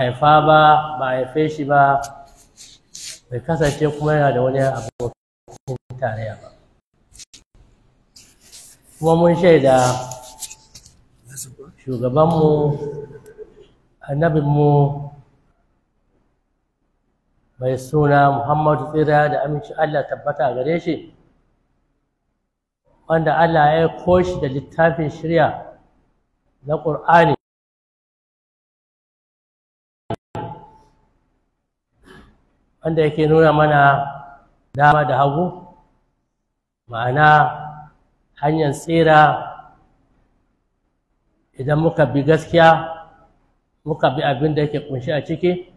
haifa ba ba haife shi ba bai kasance kuma yana da wani abokin tarayya ba kuma mun shaida shugabanmu annabinmu mai suna muhammadu tsira da aminci allah tabbata gare shi wanda allah ya koshi da littafin shirya na ƙur'ani wanda yake nuna mana dama da hagu ma'ana hanyar tsira idan muka bi gaskiya muka bi abin da yake kunshi a ciki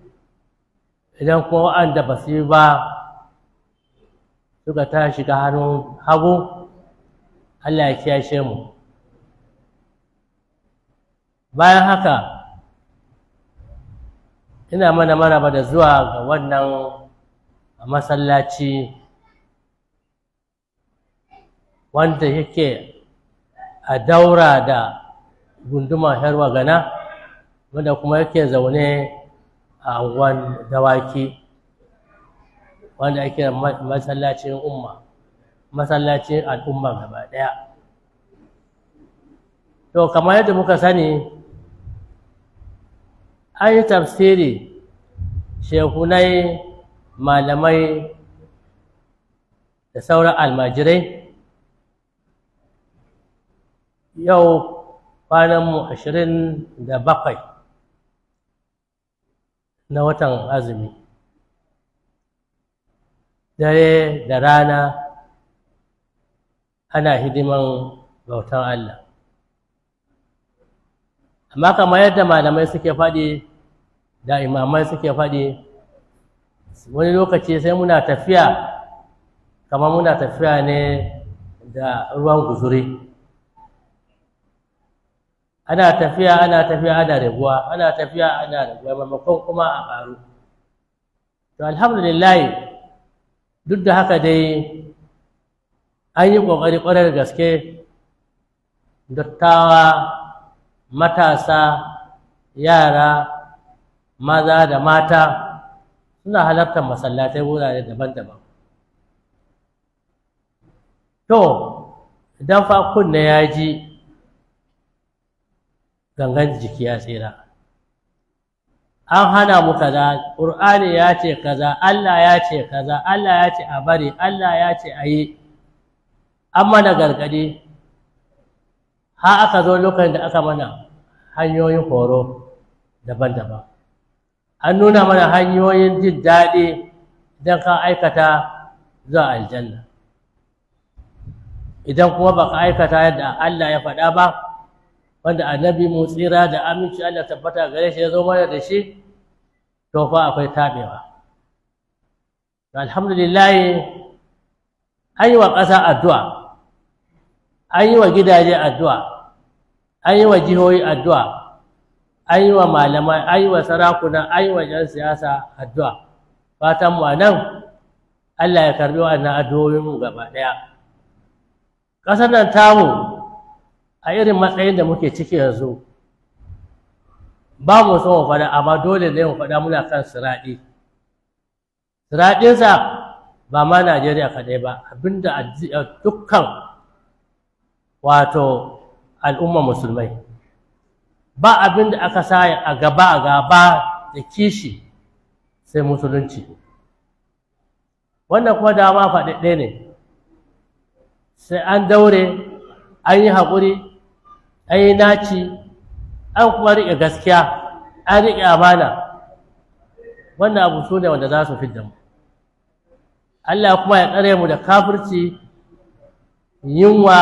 idan kuma wa'anda ba su ba suka ta shiga hannun hagu allah ya kiyashe mu bayan haka ina mana ba da zuwa ga wannan masallaci wanda yake a daura da gunduma harwa gana wanda kuma yake zaune a anguwan dawaki wanda yake masallacin umma masallacin al'umma gaba daya to kamar yadda muka sani an yi tafsiri shehunai malamai da sauran almajirai yau kwananmu ashirin da bakwai na watan azumi dare da rana ana hidiman bautan Allah amma kamar yadda malamai suke faɗi da imamai suke faɗi wani lokaci sai muna tafiya kamar muna tafiya ne da ruwan guzuri ana tafiya ana tafiya ana raguwa ana tafiya ana raguwa maimakon kuma a ƙaru to alhamdulillah duk da haka dai an yi ƙoƙari ƙwarar gaske dattawa matasa yara maza da mata suna halartar masallatai wurare daban-daban to idan fa kunna ya ji gangan jiki ya tsira an hana mu kaza ƙur'ani ya ce kaza Allah ya ce kaza Allah ya ce a bari Allah ya ce a yi an mana gargadi, har aka zo lokacin da aka mana hanyoyin horo daban-daban an nuna mana hanyoyin jin daɗi idan ka aikata zuwa aljanna idan kuma baka aikata yadda Allah ya faɗa ba wanda annabi mu tsira da aminci Allah tabbata gare shi ya zo mana da shi to fa akwai tabewa alhamdulillah an yi wa ƙasa addu'a an yi wa gidaje addu'a an yi wa jihohi addu'a aiwa malamai aiwa sarakuna aiwa yan siyasa addu'a fatan mu nan Allah ya karbi wannan addu'o'in mu gaba daya kasar nan tamu a irin matsayin da muke ciki yanzu ba mu so mu faɗa amma dole ne mu faɗa muna kan siraɗi siraɗinsa ba ma Najeriya kadai ba abinda dukkan wato al'umma musulmai ba abin da aka sa a gaba a gaba da kishi sai musulunci wannan kuma dama faɗaɗɗe ne sai an daure an yi haƙuri an yi naci an kuma riƙe gaskiya an riƙe amana wannan abu su ne wanda za su fidda mu Allah kuma ya tsare mu da kafirci yunwa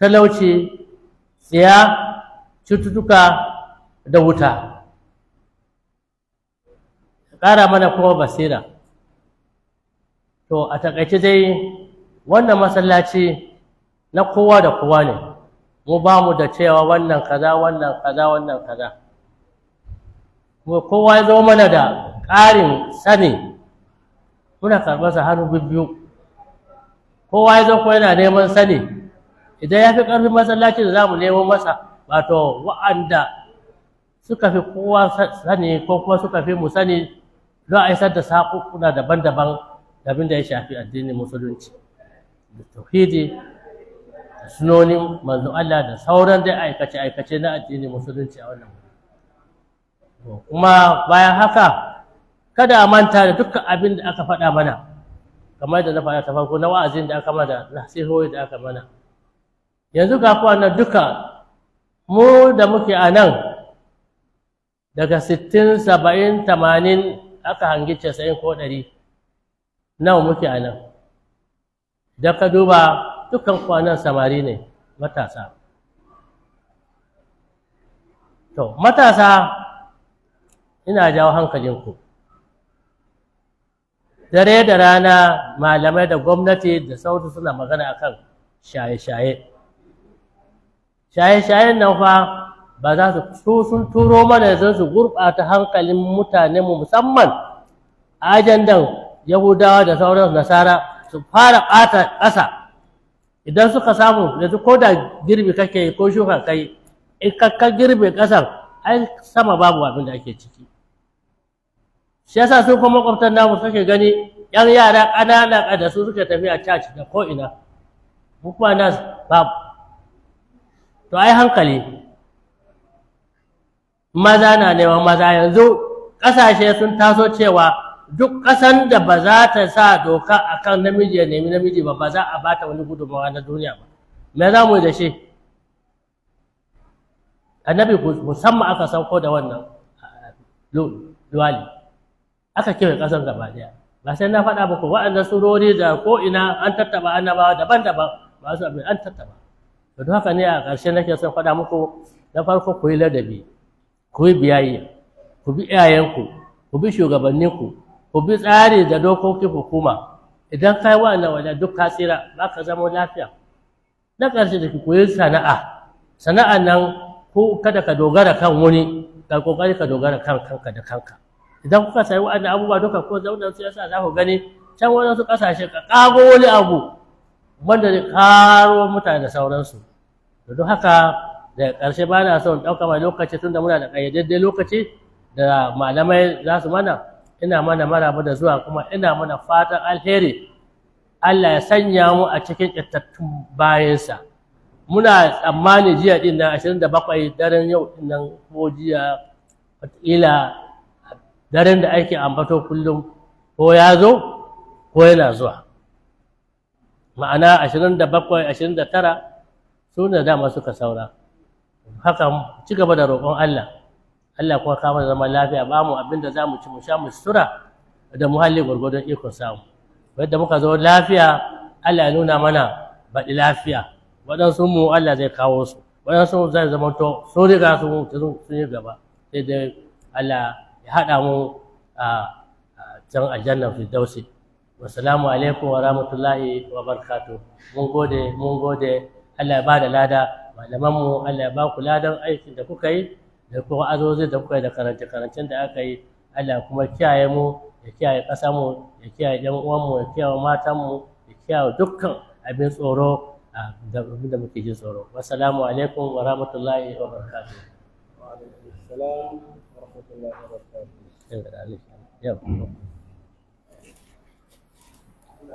talauci tsiya cututtuka da wuta ƙara mana kuma basira to a taƙaice dai wannan masallaci na kowa da kowa ne mu ba mu da cewa wannan kaza wannan kaza wannan kaza kuma kowa ya zo mana da ƙarin sani muna karɓarsa hannu bibbiyu kowa ya zo ko yana neman sani idan ya fi ƙarfin masallaci da za mu nemo masa wato wa'anda suka fi kowa sani ko kuma suka fi mu sani don a isar da saƙuƙuna daban-daban da abin da ya shafi addinin musulunci da tauhidi da sunonin manzon Allah da sauran dai aikace-aikace na addinin musulunci a wannan kuma bayan haka kada a manta da dukkan abin da aka faɗa mana kamar da na faɗa ta farko na wa'azin da aka mana da nasihohi da aka mana yanzu ga kuwa duka mu da muke a nan daga sittin saba'in tamanin aka hangi casa'in ko ɗari nawa muke a nan da ka duba dukkan kwanan samari ne matasa to matasa ina jawo hankalinku dare da rana malamai da gwamnati da sautu suna magana akan shaye-shaye shaye-shayen nan fa ba za su sun turo mana yanzu su gurɓata hankalin mu musamman ajandan yahudawa da sauran nasara su fara ɓata ƙasa idan suka samu yanzu ko da girbi kake ko shuka kai in ka girbe ƙasan ai sama babu abin da ake ciki shi yasa su kuma makwabtan namu suke gani yan yara ƙanana da su suke tafiya caci da koina ina na babu to ai hankali maza na neman maza yanzu ƙasashe sun taso cewa duk ƙasan da ba za ta sa doka a kan namiji ya nemi namiji ba ba za a ba ta wani gudunmawa na duniya ba me za mu yi da shi annabi musamman aka sauko da wannan duwali aka kewa ƙasan gaba daya ba sai na faɗa ba ko waɗannan surori da ko ina an tattaba annabawa daban-daban ba su abin an tattaba da don haka ne a ƙarshe nake son faɗa muku na farko ku yi ladabi ku yi biyayya ku bi iyayenku ku bi shugabanninku ku bi tsari da dokokin hukuma idan ka yi wa'annan wajen duk ka tsira ba ka zama lafiya na ƙarshe da ku koyi sana'a sana'a nan ko kada ka dogara kan wani ka kokari ka dogara kan kanka da kanka idan kuka sayi wa'annan abubuwa duka ko zauna siyasa za ku gani can su ƙasashe ka ƙago wani abu wanda zai karo mutane da sauransu da don haka daga ƙarshe ba na son ɗauka mai lokaci tunda muna da ƙayyadaddai lokaci da malamai za su mana ina mana maraba da zuwa kuma ina mana fatan alheri Allah ya sanya mu a cikin ƙyattattun bayansa muna tsammani jiya ɗin nan ashirin da bakwai daren yau ɗin nan ko jiya wataƙila daren da ake ambato kullum ko ya zo ko yana zuwa ma'ana 27 29 su ne dama suka saura haka ci gaba da roƙon Allah Allah kuma kama da zaman lafiya ba mu abin da za mu ci mu sha mu sura, da muhalli gwargwadon ikon samu wadda muka zo lafiya Allah ya nuna mana baɗi lafiya waɗansu mu Allah zai kawo su waɗansu zai zama to sun riga sun sun yi gaba sai dai Allah ya haɗa mu a can aljannan wasalamu alaikum wa rahmatullahi wa barkatu mun gode mun gode Allah ya ba da lada malamanmu Allah ya ba ku ladan aikin da kuka yi da kuma azozi da kuka yi da karance karancen da aka yi Allah kuma kiyaye mu ya kiyaye ƙasa mu ya kiyaye ɗan uwanmu ya kiyaye matan mu ya kiyaye dukkan abin tsoro da muke jin tsoro wasalamu alaikum wa rahmatullahi wa barkatu wa alaikum salam wa rahmatullahi wa barkatu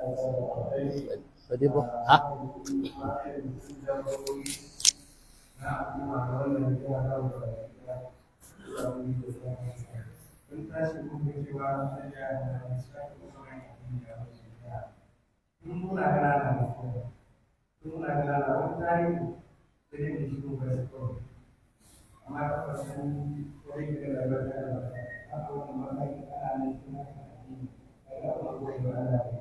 Jadi bu, hah? Thank you.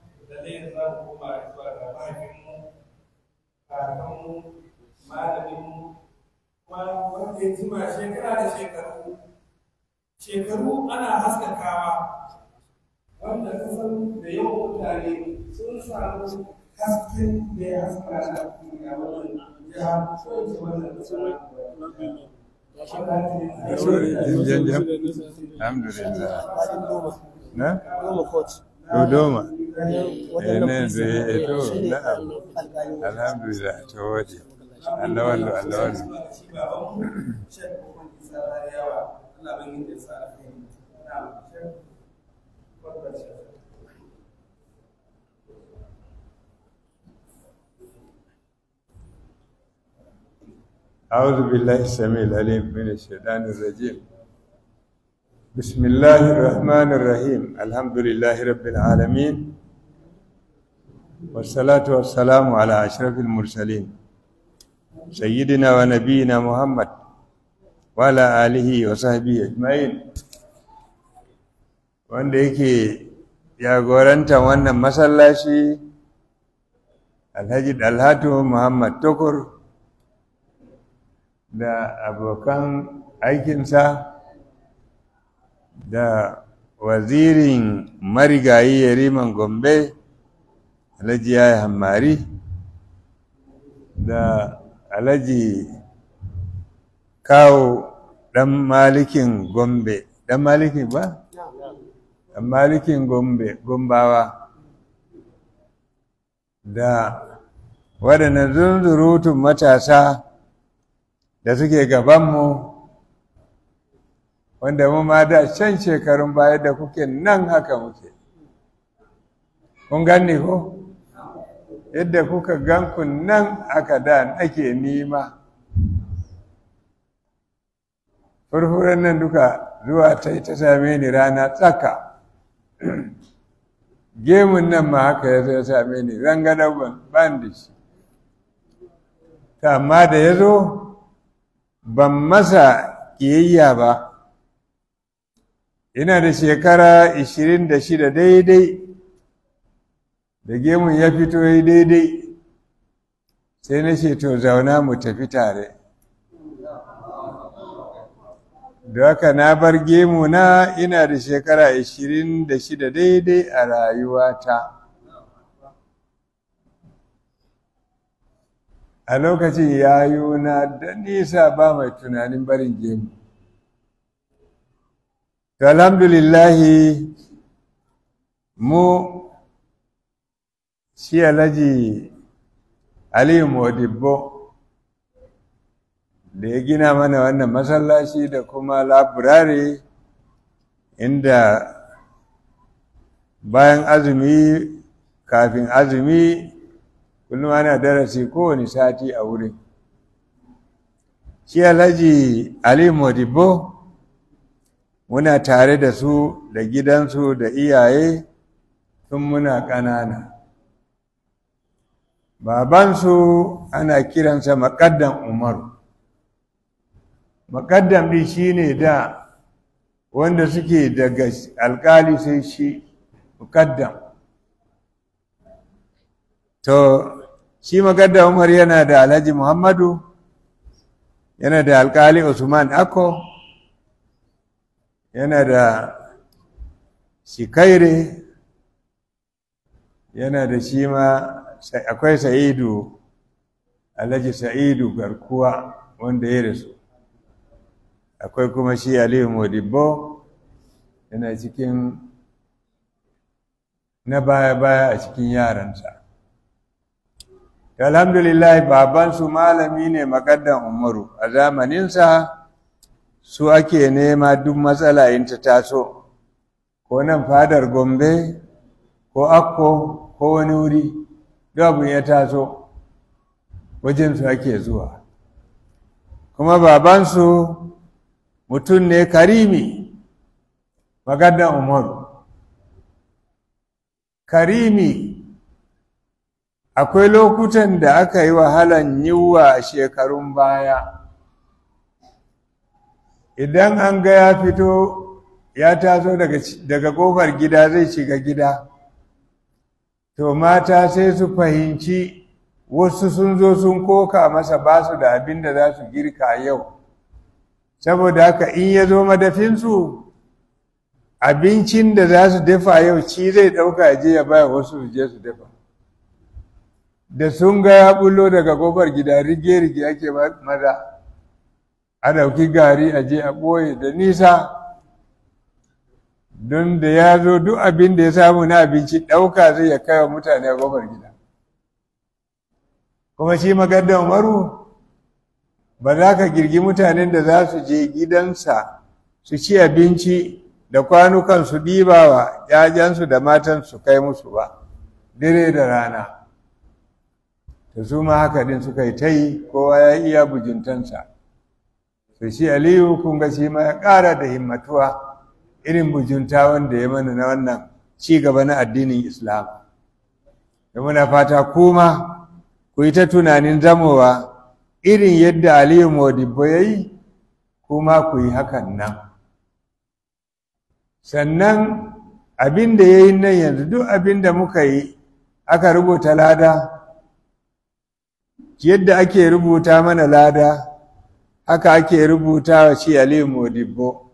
lalle da za mu koma zuwa ga mahaifinmu malaminmu kuma wanda ya jima shekara da shekaru shekaru ana haskakawa wanda kasan da yawan mutane sun samu hasken da ya haska na duniya wannan ya soke wannan kasa Alhamdulillah. Ne? Dodoma. Eneo ndio yetu. Alhamdulillah tawaje. Alawal alawal. أعوذ بالله السميع العليم من الشيطان الرجيم بسم الله الرحمن الرحيم الحمد لله رب العالمين والصلاة والسلام على أشرف المرسلين سيدنا ونبينا محمد وعلى آله وصحبه أجمعين wanda yake jagorantar wannan masallaci alhaji dalhatu muhammad tukur da abokan aikinsa da wazirin marigayi yariman gombe alhaji ya hammari da alhaji kawo Dan malikin gombe Dan malikin ba? Dan malikin gombe gombawa da waɗannan zunzurutun matasa da suke gabanmu wanda mu ma da can shekarun baya da kuke nan haka muke kun ganni ko yadda kuka gan ku nan aka da nake nima furfuran nan duka zuwa ta yi ta same ni rana tsaka gemun nan ma haka ya zo ya same ni rangadar ban da shi amma da ya zo ban masa ƙiyayya ba ina da shekara ishirin da shida daidai da gemun ya fito ya daidai sai na ce to zauna mu tafi tare da haka na bar gemu na ina da shekara ishirin da shida daidai a rayuwata a lokacin yayuna da nisa ba mai tunanin barin gemu To alhamdulillahi mu shi alhaji Aliyu Modibbo da ya gina mana wannan masallaci da kuma laburare inda bayan azumi kafin azumi kullum ana darasi kowane sati a wurin. Shi alhaji Aliyu Modibbo muna tare da su da gidansu da iyaye tun muna ƙanana babansu ana kiransa makaddan umaru Makaddan ɗin shi ne da wanda suke daga alkali sai shi makaddan. to shi makaddan umar yana da alhaji muhammadu yana da alkali usman ako yana da shikaire yana da shi ma akwai sa'idu alhaji sa'idu garkuwa wanda ya rasu akwai kuma shi aliyu modibbo yana cikin na baya-baya a cikin yaransa alhamdulillah babansu malami ne makaddan umaru a zamaninsa su ake nema duk matsala in ta taso ko nan fadar gombe ko akko ko wani wuri duk abu ya taso wajen su ake zuwa kuma babansu mutum ne karimi magadan umaru karimi akwai lokutan da aka yi wahalan yiwuwa a shekarun baya idan an ga ya fito ya taso daga kofar gida zai shiga gida to mata sai su fahimci wasu sun zo sun koka masa ba su da abin da za su girka yau saboda haka in ya zo madafinsu abincin da za su dafa yau ci zai ɗauka je ya baya wasu su je su dafa da sun ga ya bullo daga kofar gida rige-rige ake maza a ɗauki gari a je a ɓoye da nisa don da ya zo duk abin da ya samu na abinci ɗauka zai ya kai wa mutane a gobar gida kuma shi magadda umaru ba za ka girgi mutanen da za su je gidansa su ci abinci da kwanukan su ɗiba wa ‘ya'yansu da matan su kai musu ba dare da rana Ta su ma haka din suka yi ta yi kowa ya iya bujintansa to shi aliyu kun ga shi ma ya ƙara da himmatuwa irin bujunta wanda ya mana na wannan ci gaba na addinin islam da muna fata kuma ku yi ta tunanin zamowa irin yadda aliyu modibbo ya yi kuma ku yi hakan nan sannan abin da ya yi nan yanzu duk abin da muka yi aka rubuta lada yadda ake rubuta mana lada haka ake rubuta wa shi Aliyu Modibbo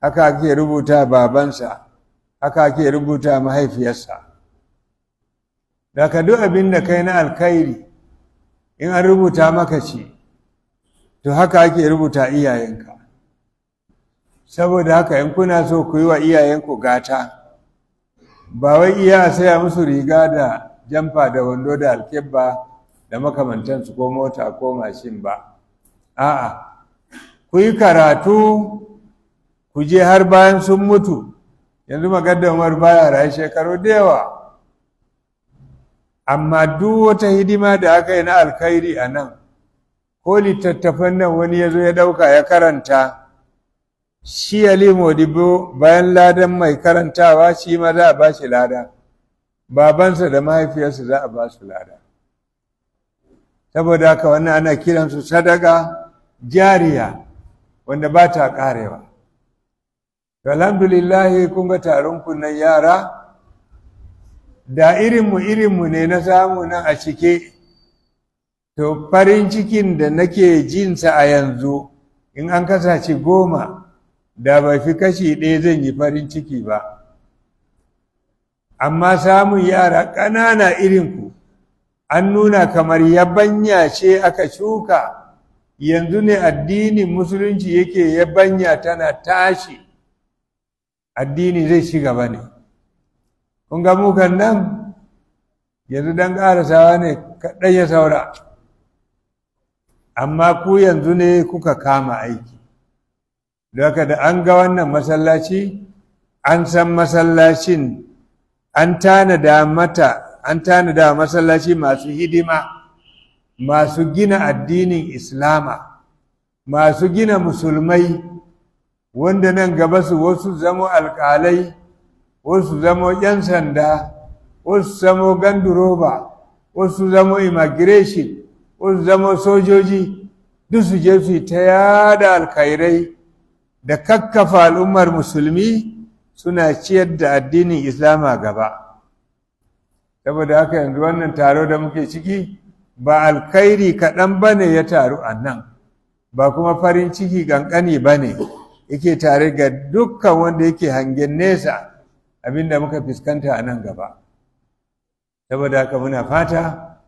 haka ake rubuta babansa haka ake rubuta mahaifiyarsa da ka duk abin da kai na alkhairi in an rubuta maka ce to haka ake rubuta iyayenka saboda haka in kuna so ku yi wa iyayenku gata ba wai iya a saya musu riga da jamfa da wando da alkebba da makamantansu ko mota ko mashin ba a'a ku yi karatu ku je har bayan sun mutu yanzu Umar baya rayu shekaru da yawa amma duk wata hidima da aka yi na alkhairi a nan ko littattafan nan wani ya zo ya ɗauka ya karanta shi Ali Modibo bayan ladan mai karantawa shi ma za a ba shi lada babansa da mahaifiyarsa za a ba su lada saboda haka wannan ana kiransu sadaka jariya wanda ba ta karewa alhamdulillahi kun ga taron kunan yara da irinmu irinmu ne na samu nan a cike to farin cikin da nake jinsa a yanzu in an kasace goma da bai fi kashi ɗaya zan yi farin ciki ba amma samun yara ƙanana irin ku an nuna kamar yabanya ce aka shuka yanzu ne addinin musulunci yake yabanya tana tashi addini zai ci gaba ne kun ga mukan nan yanzu dan karasawa ne kaɗan ya saura amma ku yanzu ne kuka kama aiki daga da an ga wannan masallaci an san masallacin an tanada mata an tanada masallaci masu hidima masu gina addinin islama masu gina musulmai wanda nan gaba su wasu zamo alƙalai wasu zamo 'yan sanda wasu zamo ganduroba wasu zamo immigration wasu zamo sojoji duk su je su ta yada alkhairai da kakkafa al'ummar musulmi suna ciyar da addinin islama gaba saboda haka yanzu wannan taro da muke ciki ba alkhairi kaɗan ba ne ya taru a nan ba kuma farin ciki ƙanƙani ba ne yake tare ga dukkan wanda yake hangen nesa abinda muka fuskanta a nan gaba saboda haka muna fata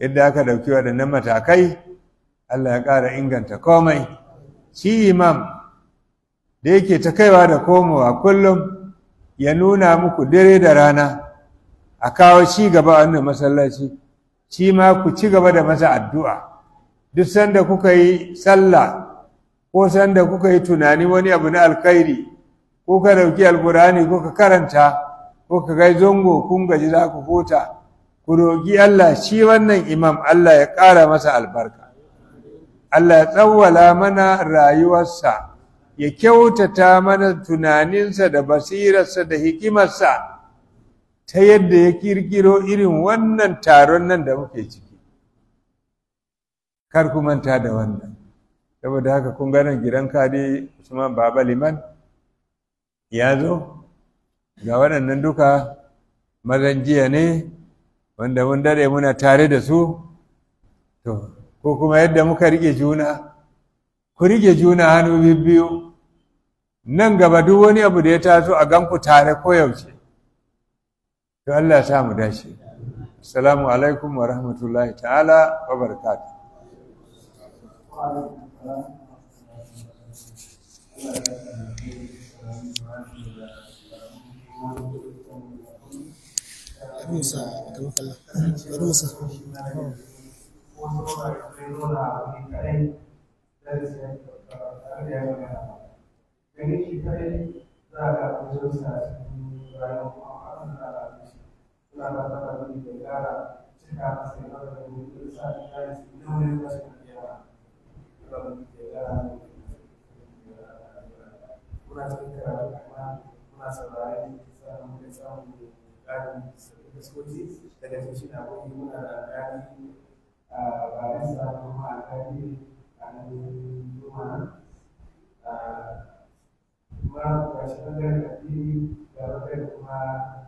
yadda aka ɗauki waɗannan matakai allah ya ƙara inganta komai shi imam da yake ta kaiwa da komowa kullum ya nuna muku dare da rana a kawo ci gaba a wannan masallaci shi ma ku ci gaba da masa addu'a duk sanda kuka yi sallah ko sanda kuka yi tunani wani abu na alkhairi ko ka dauki alkurani ko ka karanta ko ka kai zongo kun gaji za ku huta ku roƙi Allah shi wannan imam Allah ya ƙara masa albarka Allah ya tsawwala mana rayuwarsa ya kyautata mana tunaninsa da basirarsa da hikimarsa ta yadda ya kirkiro irin wannan taron nan da muke ciki kar ku manta da wannan saboda haka kun ganin gidan kadi usman baba liman ya zo ga waɗannan duka mazan jiya ne wanda mun dare muna tare da su to ko kuma yadda muka rike juna ku rike juna hannu biyu nan gaba duk wani abu da ya taso a ganku tare koyaushe to Allah ta mu dace assalamu alaikum wa rahmatullahi ta'ala wa barakatuh Thank you. suna ba ta ba ne da gara cika masa yana da mutum sa da kare na wani wasu da yawa suna ba da gara muna cikin karatu kuma muna saurari samun muka samun ƙarin fuskoki daga cikin shi na kuma muna da ƙari a bayan samun ma'alƙari kuma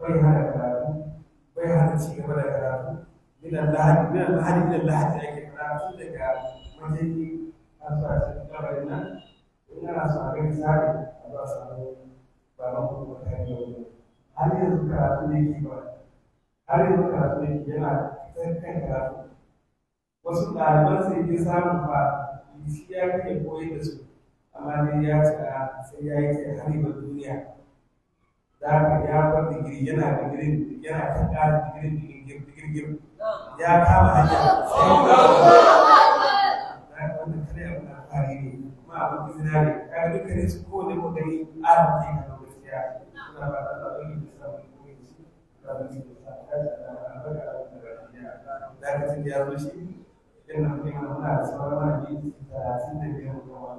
Wai hana karatu Wai hana ci gaba da karatu minan lahadi minan lahadi minan lahadi da ake karatu daga majalli a sassan gabarin nan ina so a gani tsari a ba su hau ba na kuma ta yi yau har yanzu karatu ne ke ba har yanzu karatu ne ke yana kan karatu wasu ɗaliban sai ke samu ba shi ya kai koyar da su amma ne ya tsara sai ya yi kai har duniya da haka ya bar digiri yana digiri yana kada digiri digiri digiri ya kama hanya da haka a rufe ga gaskiya suna ba ta zaɓi da da da da da da da yana kuma muna da sauran da sun da biyan kuma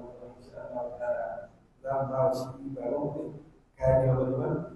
da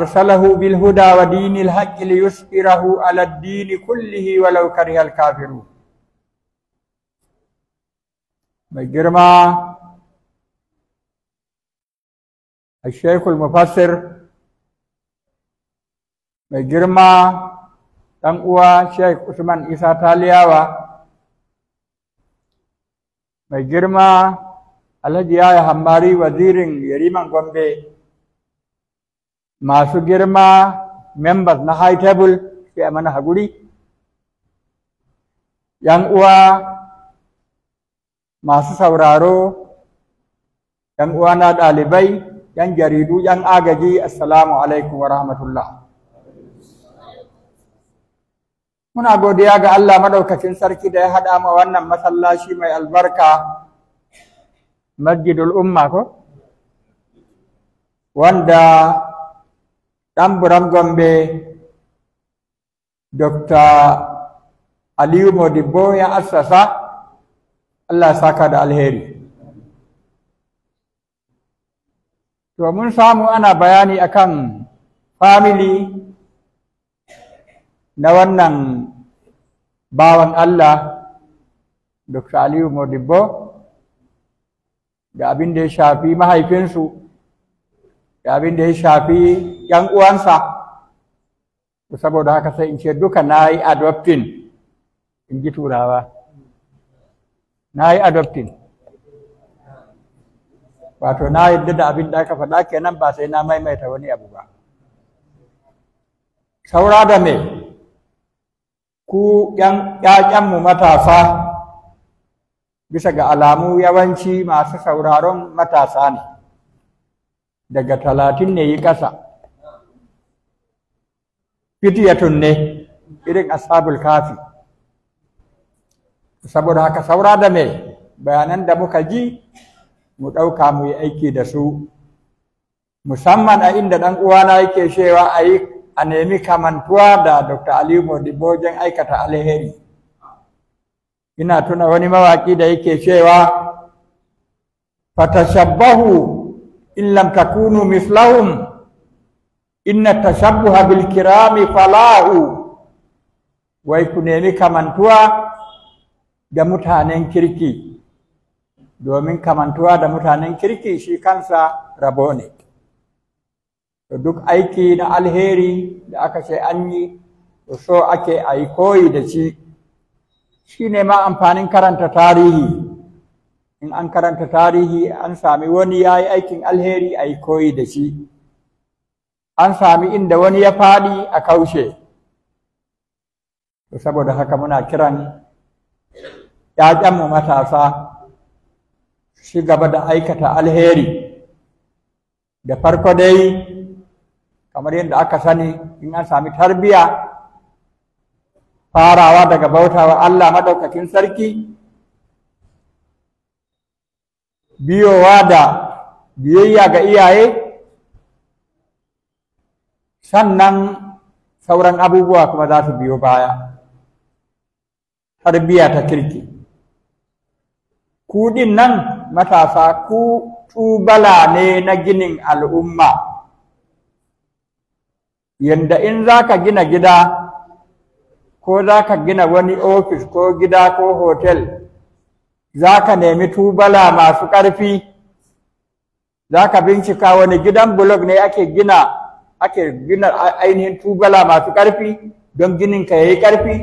أرسله بالهدى ودين الحق ليسكره على الدين كله ولو كره الكافرون مجرما الشيخ المفسر مجرما تنقوى الشيخ عثمان إسا تالياوى مجرما الهجي آية هماري وزير يريمان قنبي masu girma members na high table sai a mana haguri yan uwa masu sauraro yan uwa na ɗalibai yan jaridu yan agaji assalamu alaikum wa rahmatullah muna godiya ga Allah madaukakin sarki da ya haɗa ma wannan masallaci mai albarka masjidul umma ko wanda ɗan buram gombe dr aliyu modibo ya assasa allah ya saka da alheri to mun samu ana bayani akan famili na wannan bawan allah dr aliyu modibo da abin da ya shafi mahaifinsu da abin da ya shafi ‘yan uwansa, saboda haka sai in ce duka na yi adoptin, in ji turawa, na yi adoptin. Wato, na yi da abin da aka faɗa kenan ba sai na maimaita wani abu ba. Saura da me, ku ‘ya'yanmu matasa, bisa ga alamu yawanci masu sauraron matasa ne, daga talatin ne yi ƙasa. fitiyatun ne irin ashabul kafi saboda haka saura da me bayanan da muka ji mu ɗauka mu yi aiki da su musamman a inda ɗan uwana yake cewa a yi a nemi kamantuwa da dr ali modibojen aikata alheri ina tuna wani mawaki da yake cewa fatashabbahu in lam takunu mislahum inna tashabbuha bil kirami falahu wai ku nemi kamantuwa da mutanen kirki domin kamantuwa da mutanen kirki shi kansa rabo ne to duk aiki na alheri da aka ce an yi to so ake a yi koyi da shi shi ne ma amfanin karanta tarihi in an karanta tarihi an sami wani ya yi aikin alheri a yi koyi da shi an sami inda wani ya faɗi a kaushe saboda haka muna kiran ‘ya'yanmu matasa shi gaba da aikata alheri da farko dai kamar yadda aka sani in an sami tarbiya farawa daga bautawa Allah maɗaukakin sarki biyowa da biyayya ga iyaye sannan sauran abubuwa kuma za su biyo baya tarbiya ta kirki kudin nan matasa ku tubala ne na ginin al'umma yanda in za ka gina gida ko za ka gina wani ofis ko gida ko hotel za ka nemi tubala masu ƙarfi za ka bincika wani gidan blog ne ake gina ake gina ainihin tubala masu ƙarfi don ginin ka yayi ƙarfi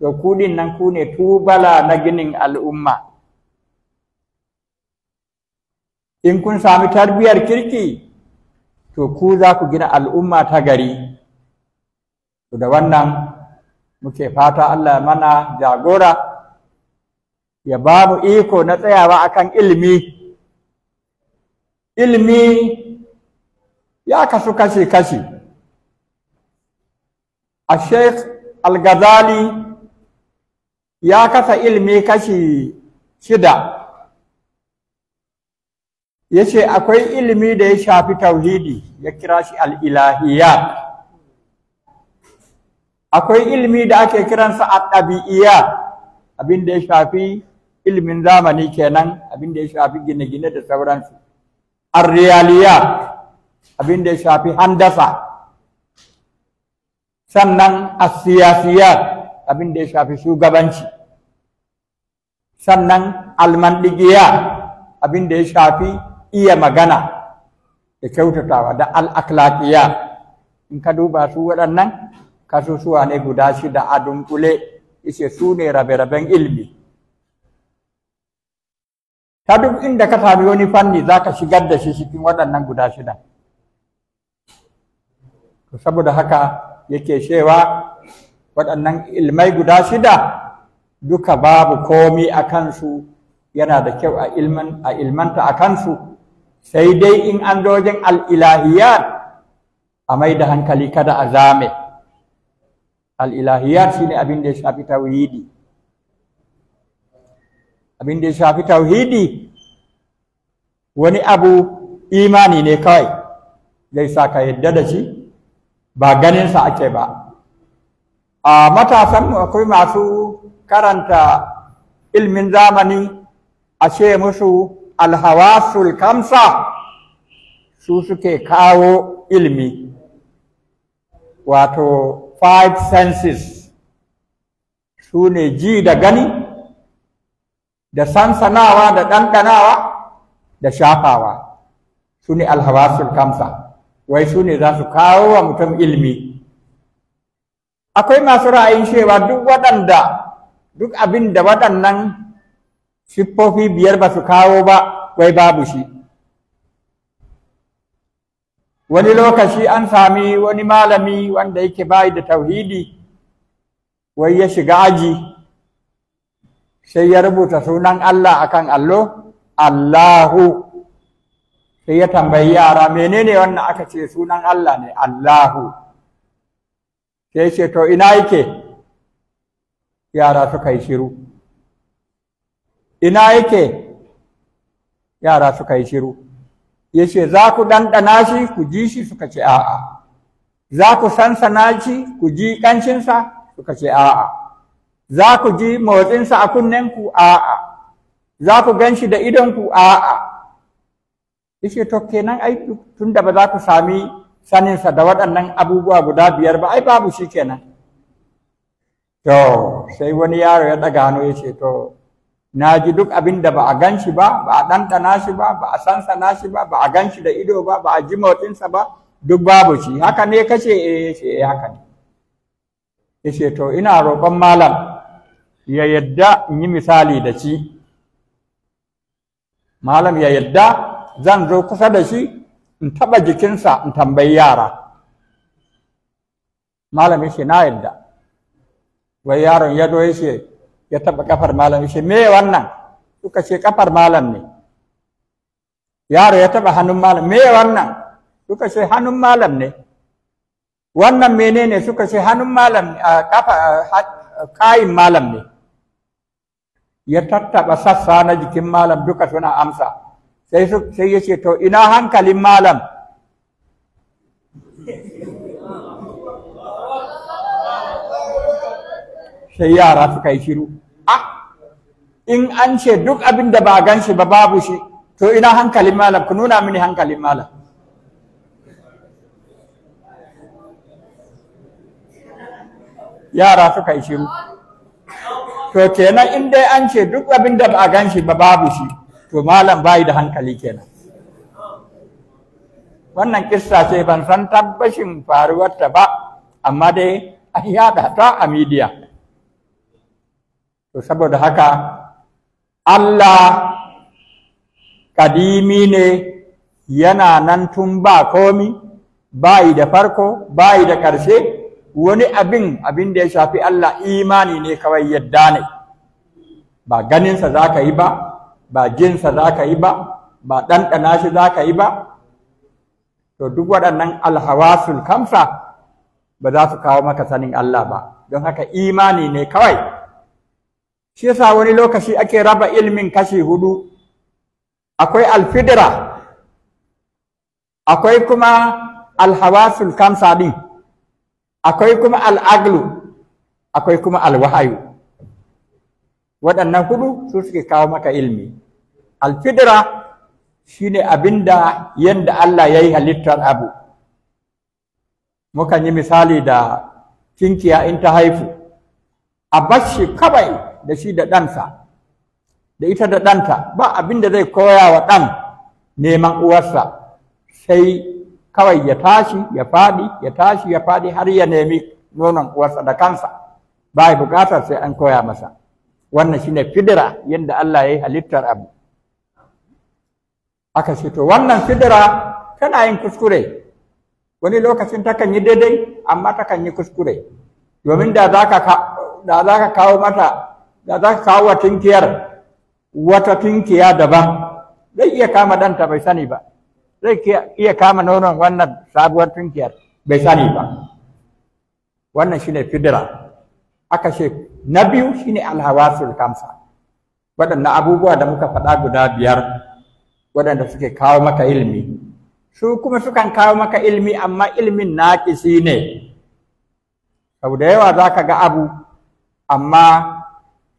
to ku nan ku ne tubala na ginin al'umma in kun sami tarbiyar kirki to ku za ku gina al'umma ta gari to da wannan muke fata Allah mana jagora ya ba iko na tsayawa akan ilimi ilimi ya kasu kashi-kashi. a sheikh al gazali ya kasa ilmi kashi shida ya ce akwai ilmi da ya shafi tauhidi ya kira shi al'ilahiyat akwai ilmi da ake kiransa a ɗabi'iya abin ya shafi ilmin zamani kenan abinda ya shafi gine-gine da sauransu arriyaliyat abin da ya shafi handasa sannan asiyasiyat abin da ya shafi shugabanci sannan almandigiya abin da ya shafi iya magana da kyautatawa da al'aklaƙiya in ka duba su waɗannan kasusuwa ne guda shida a dunkule ishe su ne rabe-raben ilmi ta duk inda ka sami wani fanni za ka shigar da shi cikin waɗannan guda shida saboda haka yake cewa waɗannan ilmai guda shida duka babu komi a kansu yana da kyau a ilmanta a kansu sai dai in an dojin al'ilahiyar a mai da hankali kada a zame al'ilahiyar shi ne abin da ya shafi tauhidi abin da ya shafi tauhidi wani abu imani ne kawai zai sa ka yadda da shi ba ganinsa ake ba a matasanmu akwai masu karanta ilmin zamani a ce musu alhawasul kamsa su suke kawo ilmi wato five senses su ne ji da gani da sansanawa da ɗanɗanawa da shafawa su ne alhawasul kamsa wai su ne za su kawo wa mutum ilimi akwai masu ra'ayin cewa duk waɗanda duk abin da waɗannan siffofi biyar ba su kawo ba wai babu shi wani lokaci an sami wani malami wanda yake bayi da tauhidi wai ya shiga aji sai ya rubuta sunan Allah akan allo Allahu sai ya tambayi yara menene wannan aka ce sunan Allah ne Allahu sai ce to ina yake yara suka yi shiru ina yake yara suka yi shiru ya za ku ɗanɗana shi ku ji shi suka ce a'a za ku sansana shi ku ji ƙanshinsa suka ce a'a za ku ji motsinsa a kunnenku a'a za ku gan shi da idonku a'a yace to kenan ai tunda ba za ku sami saninsa da waɗannan abubuwa guda biyar ba ai babu shi kenan to sai wani yaro ya daga hannu yace to na ji duk abin da ba a gan shi ba ba a ɗanɗana shi ba ba a na shi ba ba a gan shi da ido ba ba a ji motsinsa ba duk babu shi haka ne kace eh yace eh haka ne yace to ina roƙon malam ya yadda in yi misali da shi malam ya yadda zan zo kusa da shi in taɓa jikinsa in tambayi yara malami shi na yadda wai yaron ya doye shi ya taɓa kafar malami shi me wannan suka ce kafar malam ne yaro ya taɓa hannun malam me wannan suka ce hannun malam ne wannan menene suka ce hannun malam a kafa kayin malam ne ya tattaɓa sassa na jikin malam duka suna amsa sai sai ya ce to ina hankalin malam sai yara suka yi shiru ah, in an ce duk abin da ba gan shi ba babu shi to ina hankalin malam ku nuna mini hankalin malam yara suka yi shiru to kenan in dai an ce duk abin da ba gan shi ba babu shi to malam bayi da hankali kenan wannan kissa ce ban san tabbashin faruwarta ba amma dai an yada ta a midiya to saboda haka Allah kadimi ne yana nan tun ba komi bai da farko bai da ƙarshe wani abin abin da ya shafi Allah imani ne kawai yadda ne ba ganinsa za ka yi ba ba jinsa za ka yi ba ba ɗanɗana shi za ka yi ba to duk waɗannan alhawasul kamsa ba za su kawo maka sanin Allah ba don haka imani ne kawai shi yasa wani lokaci ake raba ilmin kashi hudu akwai alfidira akwai kuma alhawasul kamsa din akwai kuma al'aglu akwai kuma alwahayu waɗannan hudu su suke kawo maka ilmi alfidira shine abinda yanda Allah ya yi halittar abu mukan yi misali da tinkiya in ta haifu a bashi kawai da shi da ɗansa da ita da ɗanta ba abinda zai koya wa ɗan neman uwarsa sai kawai ya tashi ya faɗi ya tashi ya faɗi har ya nemi nonon uwarsa da kansa ba ya buƙatar sai an koya masa wannan shine fidira yadda Allah ya yi halittar abu aka ce to wannan sidira tana yin kuskure wani lokacin takan yi daidai amma takan yi kuskure domin da za ka kawo mata da za ka kawo wa tinkiyar wata tinkiya daban zai iya kama danta bai sani ba zai iya kama nonon wannan sabuwar tunkiyar bai sani ba wannan shine fidira aka ce na biyu shine alhawasul kamsa waɗannan abubuwa da muka faɗa guda biyar waɗanda suke kawo maka ilmi, su kuma sukan kawo maka ilmi, amma ilimin naƙisi ne sau da yawa za ka ga abu amma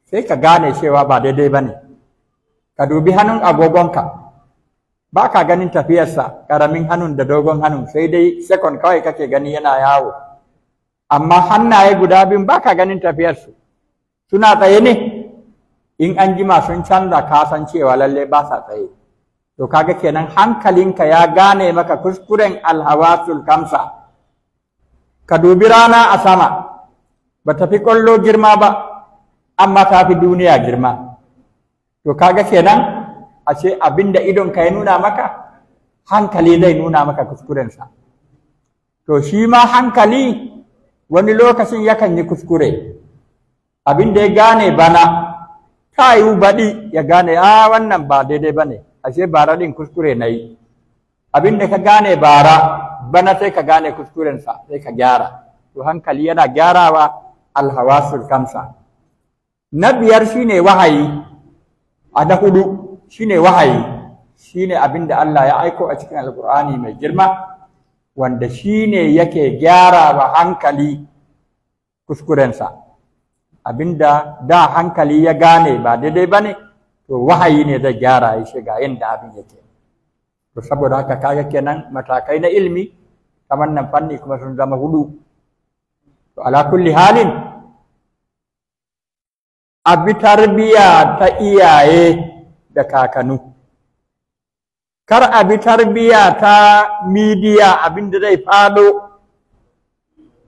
sai ka gane cewa ba daidai ba ne ka dubi hannun agogonka ba ka ganin tafiyarsa ƙaramin hannun da dogon hannun sai dai sekon kawai kake gani yana yawo amma hannaye guda biyun ba ka ganin tafiyarsu suna tsaye ne in an jima sun canza kasan cewa lalle ba sa tsaye to kaga kenan hankalinka ya gane maka kuskuren alhawasul kamsa ka dubi rana a sama ba ta fi ƙwallo girma ba amma ta fi duniya girma to kaga kenan ashe abinda idonka ya nuna maka hankali zai nuna maka kuskurensa to shi ma hankali wani lokacin yakan yi kuskure Abin da ya gane bana ta yi baɗi ya gane a ah, wannan ba daidai ba ne ashe bara din kuskure na yi abin da ka gane bara bana sai ka gane kuskurensa sai ka gyara to hankali yana gyarawa alhawasul kamsa na biyar shine wahayi a na hudu shine wahayi shine abinda Allah ya aiko a cikin alkur'ani mai girma wanda shine yake gyarawa wa hankali kuskurensa abinda da hankali ya gane ba daidai bane to wahayi ne zai gyara ya shiga yadda abin yake to saboda haka kaga kenan matakai na ilmi kamar nan fanni kuma sun zama hudu to ala kulli halin abi tarbiya ta iyaye da kakanu kar abi tarbiya ta midiya abin da zai fado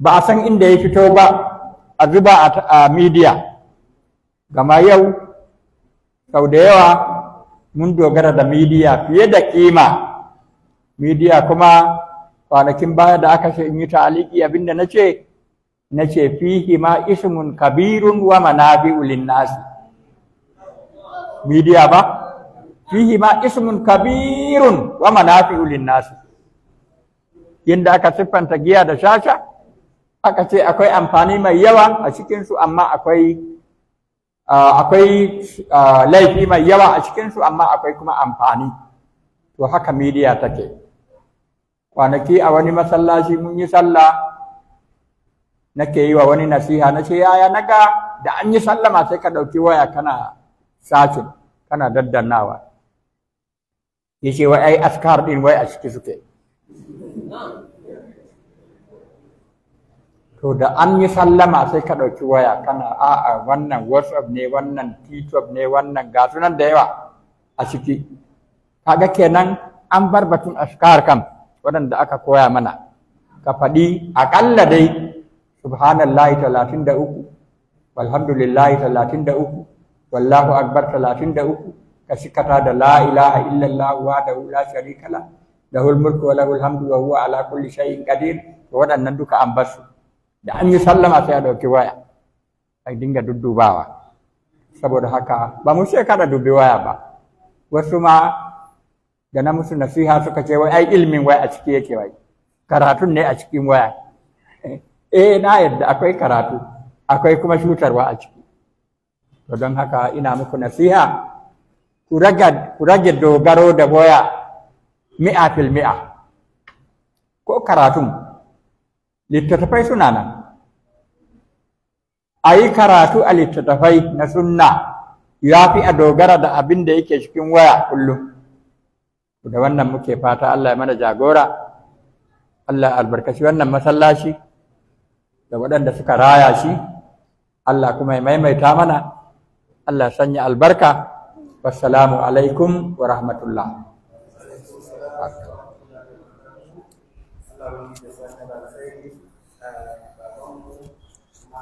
ba a san inda ya fito ba a zuba a midiya gama yau sau da yawa mun dogara da midiya fiye da kima midiya kuma kwanakin baya da aka in yi ta'aliki abinda na ce na ce fihi ma ismun kabirun wa manabi'u linnasi midiya ba fihi ma ismun kabirun wa manafi'u linnasi yadda aka siffanta giya da shasha aka ce akwai amfani mai yawa a cikinsu amma akwai Ah, akwai ah, laifi mai yawa a cikinsu amma akwai kuma amfani to haka midiya take kwanaki a wani masallaci mun yi sallah nake yi wa wani nasiha na ce yaya naga da an yi sallama sai ka ɗauki waya kana sacin kana daddannawa ya ce wai ai askar din, wai a ciki suke to da an yi sallama sai ka ɗauki waya kana a'a wannan whatsapp ne wannan tiktok ne wannan ga da yawa a ciki kaga kenan an bar batun askar kam waɗanda aka koya mana ka faɗi aƙalla dai subhanallahi talatin da uku walhamdulillahi talatin da uku wallahu akbar talatin da uku ka sikata da la ilaha illallah wa da la sharika la lahul wa lahul wa huwa ala kulli shay'in qadir waɗannan duka an bar su da an yi sallama sai a ɗauki waya a dinga duddubawa saboda haka ba mu kada dubi waya ba wasu ma da na musu nasiha suka ce wai ai ilmin waya a ciki yake wai karatun ne a cikin waya eh, eh na yadda akwai karatu akwai kuma shutarwa a ciki to don haka ina muku nasiha ku rage dogaro da waya mi'a fil mi'a ko karatun littattafai suna nan a yi karatu a littattafai na sunna ya fi a dogara da abin da yake cikin waya kullum da wannan muke fata Allah ya mana jagora Allah albarkaci wannan masallaci da waɗanda suka raya shi Allah kuma ya maimaita mana Allah sanya albarka wassalamu alaikum wa rahmatullah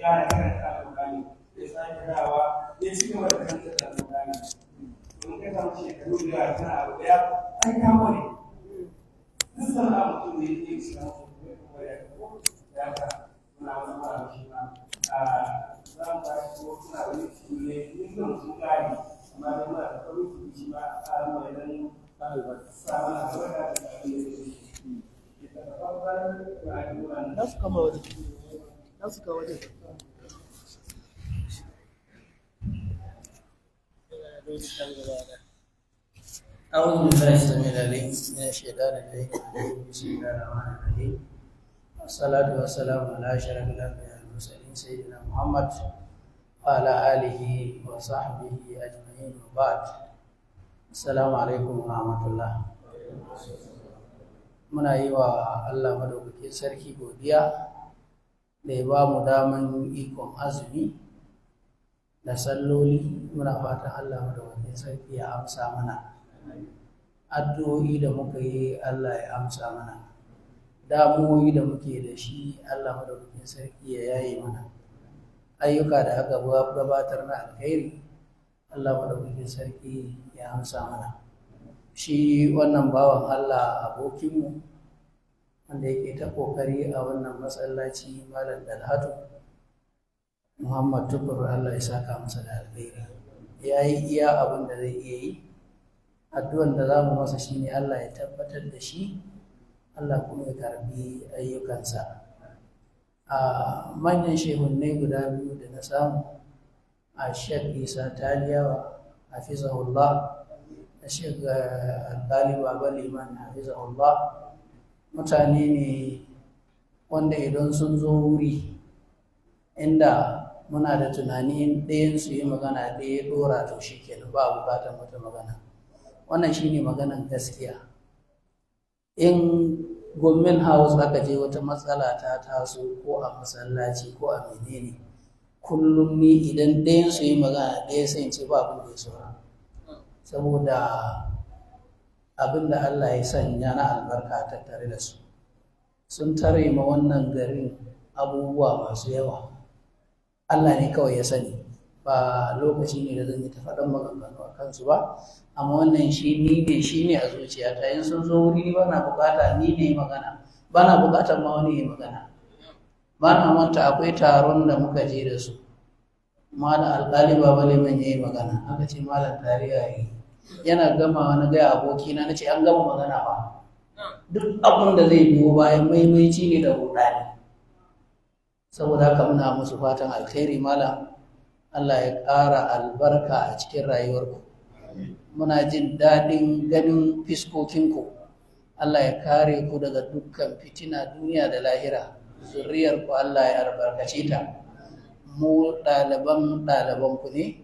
gane karanta ya sake dawa ya ci gaba da karanta domin ka samu shekaru da yawa tana abu duk mutum ne mutum ya kuma ya ko ya ka muna wani shi ma za mu ba shi ko suna wani su ne amma da kawai su shi a ran mai nan samun albarka da abin da ya ke. Nasu أعوذ بالله السميع العليم من الشيطان الرجيم بسم الله الرحمن الرحيم والصلاة والسلام على أشرف الأنبياء والمرسلين سيدنا محمد وعلى آله وصحبه أجمعين وبعد السلام عليكم ورحمة الله muna yi wa Allah madaukakin sarki godiya da ya ba mu daman ikon azumi da salloli muna fatan Allah wani sarki ya amsa mana addu'o'i da muka yi Allah ya amsa mana damuwoyi da muke da shi Allah wani sarki ya yaye mana ayyuka da aka gabatar na alkhairi Allah wani sarki ya amsa mana shi wannan bawan Allah abokinmu wanda yake ta kokari a wannan matsalaci malam dalhatu muhammad tukur allah ya saka masa da alkhairi ya yi iya abin da zai iya yi addu'an da za mu masa shi ne allah ya tabbatar da shi allah kuma ya karbi ayyukansa a manyan nai guda biyu da na samu a shek isa taliyawa hafizahullah a shek eh, albali baba liman hafizahullah mutane ne wanda idan sun zo wuri inda muna da tunani ɗayan su yi magana ɗaya ɗora to shi kenan ba bukatar wata magana wannan shine maganan gaskiya in gomin house aka je wata matsala ta taso ko a masallaci ko a menene kullum ni idan ɗayan su yi magana ɗaya sai in ce ba da saboda abin da Allah ya sanya na albarka tattare da su sun tare ma wannan garin abubuwa masu yawa Allah ne kawai ya sani ba lokaci ne da zan yi ta faɗan maganganu a kansu ba amma wannan shi ni ne shi ne a zuciyata in sun zo wuri ba na bukata ni ne magana ba na bukatar ma wani magana ba na manta akwai taron da muka je da su da alƙali ba bale ya magana aka ce malam yi. yana gama na gaya abokina na ce an gama magana ba duk abin da zai biyo bayan maimaici ne da rudani saboda haka muna musu fatan alkhairi malam Allah ya ƙara albarka a cikin rayuwarku muna jin daɗin ganin fiskokinku Allah ya kare ku daga dukkan fitina duniya da lahira zuriyarku Allah ya albarkace ta mu ɗaliban ɗalibanku ne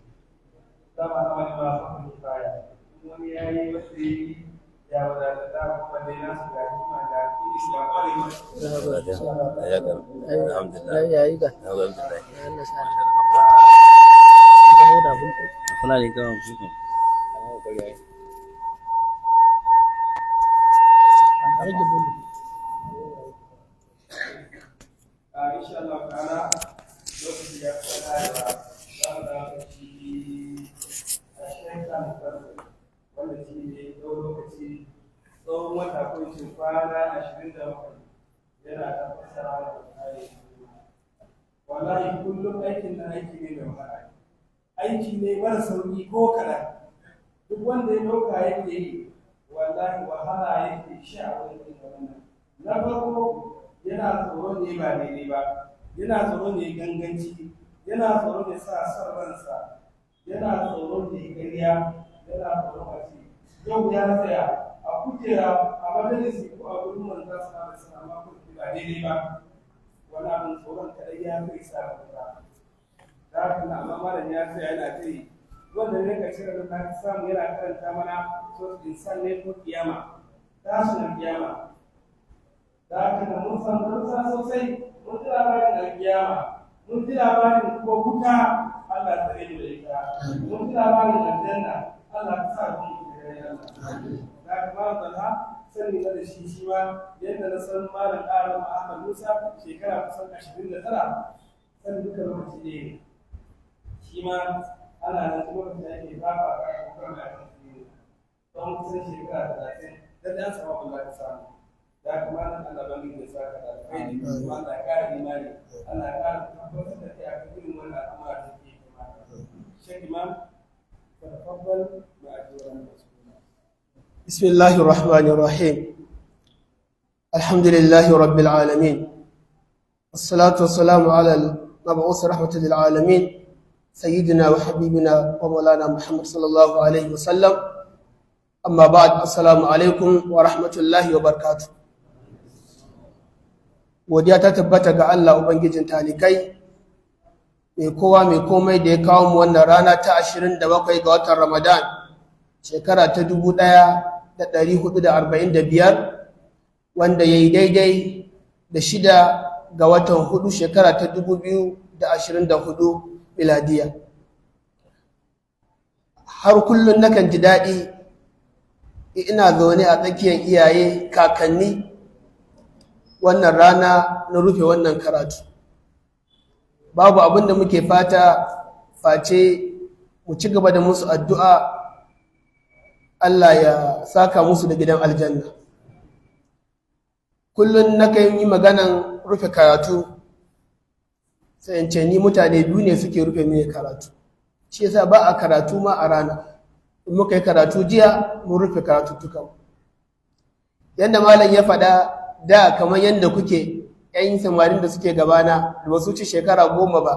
dama kama ne masu kuma kaya wani ya yi wasu yi ya wadata da kuma da su ga kuma da kiri ya kware masu da ya ga alhamdulillah ya yi ga alhamdulillah Allah sa da da kuna ne kawai bunku amma kokari ai rage da a insha Allah ya wuce kwana ashirin da bakwai yana ta fassara wannan ayi wallahi kullum aikin na aiki ne da wahala aiki ne mara sauki ko kaɗan duk wanda ya ɗauka yake yi wallahi wahala yake sha a wani da wannan na farko yana tsoro ne ba daidai ba yana tsoro ne ganganci yana tsoro ne sa son ransa yana tsoro ne ƙarya yana tsoro a ce yau ya tsaya kujera a majalisi ko a gurin manzo sallallahu alaihi wasallam ko ba daidai ba wani abin tsoron kadai ya kai sa ba da haka na amma malam ya tsaya yana kai wannan ne ka cire da samu yana karanta mana so insan ne ko kiyama Ta suna kiyama da haka na mun san darsa sosai mun ji labarin da kiyama mun ji labarin ko wuta Allah ta rage da ita mun ji labarin aljanna Allah ta sa mu da rayuwa kaga malam Talha sani na da shi shi ma yadda na san malam Arama Ahmad Musa shekara kusan ashirin da tara san duka lokaci ne shi ma ana da kuma da yake fafa ka kokar da shi don kusan shekara talatin da dan sama Allah ta samu da kuma nan Allah ban da saka da kai ne kuma Allah ya kare imani ana ya kare tabbatar da kai a cikin wannan al'amura da take kuma Sheikh Imam تفضل مع الدور بسم الله الرحمن الرحيم الحمد لله رب العالمين والصلاة والسلام على المبعوث رحمة للعالمين سيدنا وحبيبنا ومولانا محمد صلى الله عليه وسلم أما بعد السلام عليكم ورحمة الله وبركاته وديا تتبتا ga Allah ubangijin talikai mai kowa mai komai da ya kawo mu wannan rana ta 27 ga watan Ramadan shekara ta dubu ɗaya da ɗari hudu da arba'in da biyar wanda ya yi daidai da shida ga watan hudu shekara ta dubu biyu da ashirin da hudu miladiya har kullum nakan ji daɗi ina zaune a tsakiyar iyaye kakanni wannan rana na rufe wannan karatu babu abin da muke fata face mu ci gaba da musu addu'a Allah ya saka musu da gidan aljanna kullum na kan yi maganan rufe karatu sai ni mutane biyu ne suke rufe mini karatu shi yasa ba a karatu ma a rana in muka yi karatu jiya mun rufe karatu tukan yadda malam ya faɗa da kamar yadda kuke ‘yan samarin da suke gabana da ba su ci shekara goma ba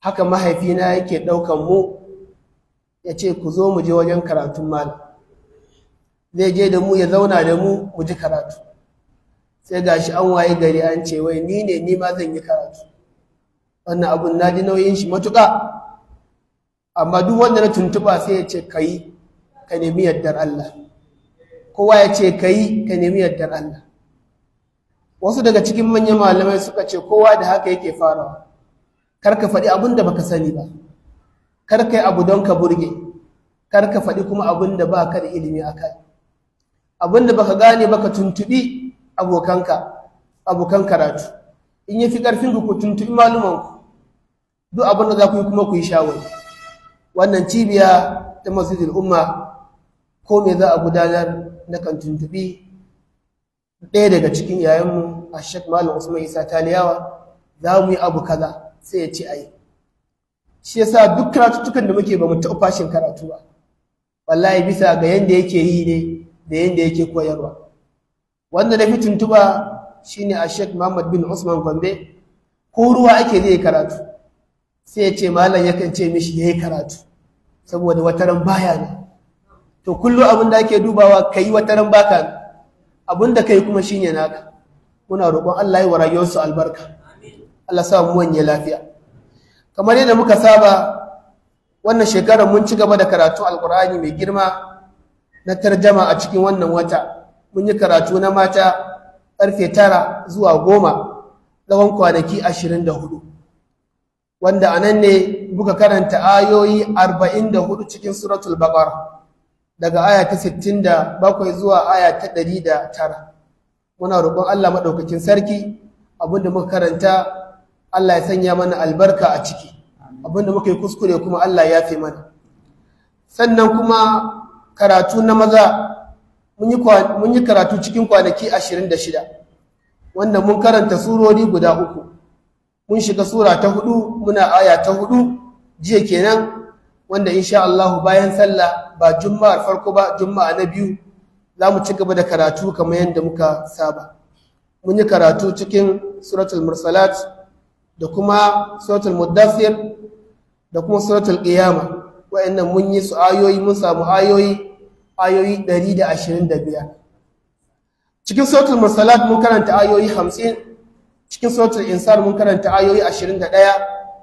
haka mahaifina yake ɗaukan mu ya ce ku zo mu je wajen karatun malam zai je da mu ya zauna da mu mu ji karatu sai gashi an waye gari an ce wai ni ne ni ma zan yi karatu wannan abun na ji nauyin shi matuƙa amma duk wanda na tuntuɓa sai ya ce ka yi ka nemi yardar Allah kowa ya ce ka yi ka nemi yardar Allah wasu daga cikin manyan malamai suka ce kowa da haka yake farawa kar ka faɗi abun da baka sani ba kar yi abu don ka burge kar ka faɗi kuma abin da ba ka da ilimi a kai abin da baka gane ba ka tuntuɓi abokanka abokan karatu in ya fi ƙarfin ku ku tuntuɓi malumanku duk abin da za ku yi kuma ku yi shawari wannan cibiya ta masjidil umma ko me za a gudanar na kan tuntuɓi ɗaya daga cikin yayanmu a shek malam usman isa taliyawa za mu yi abu kaza sai ya ce a yi shi yasa duk karatuttukan da muke ba mu taɓa fashin karatu ba wallahi bisa ga yanda yake yi ne da yanda yake koyarwa wanda na fi tuntuba shine a Sheikh Muhammad bin Usman Gombe ko ruwa ake zai karatu sai ya ce malam yakan ce mishi ya yi karatu saboda wataran baya ne to kullum abin da ake dubawa ka yi wataran baka abin da kai kuma shine naka muna roƙon Allah ya wa rayuwarsu albarka Allah sa mu wanye lafiya kamar yadda muka saba wannan shekarar mun ci gaba da karatu alkur'ani mai girma na tarjama a cikin wannan wata mun yi karatu na mata karfe tara zuwa goma tsawon kwanaki ashirin da hudu wanda a nan ne muka karanta ayoyi arba'in da hudu cikin suratul baqar daga aya ta sittin da bakwai zuwa aya ta ɗari da tara muna roƙon allah maɗaukakin sarki abinda muka karanta Allah ya sanya mana albarka a ciki abinda muka yi kuskure kuma Allah ya fi mana sannan kuma karatu na maza mun yi karatu cikin kwanaki 26 wanda mun karanta surori guda uku mun shiga sura ta hudu muna aya ta hudu jiya kenan wanda insha Allah bayan sallah ba juma'ar farko ba juma'a na biyu za mu ci gaba da karatu kamar yadda muka saba mun yi karatu cikin suratul mursalat da kuma suratul muddathir da kuma suratul qiyama wa'annan mun yi su ayoyi mun samu ayoyi ayoyi 125 cikin suratul mursalat mun karanta ayoyi 50 cikin suratul insan mun karanta ayoyi 21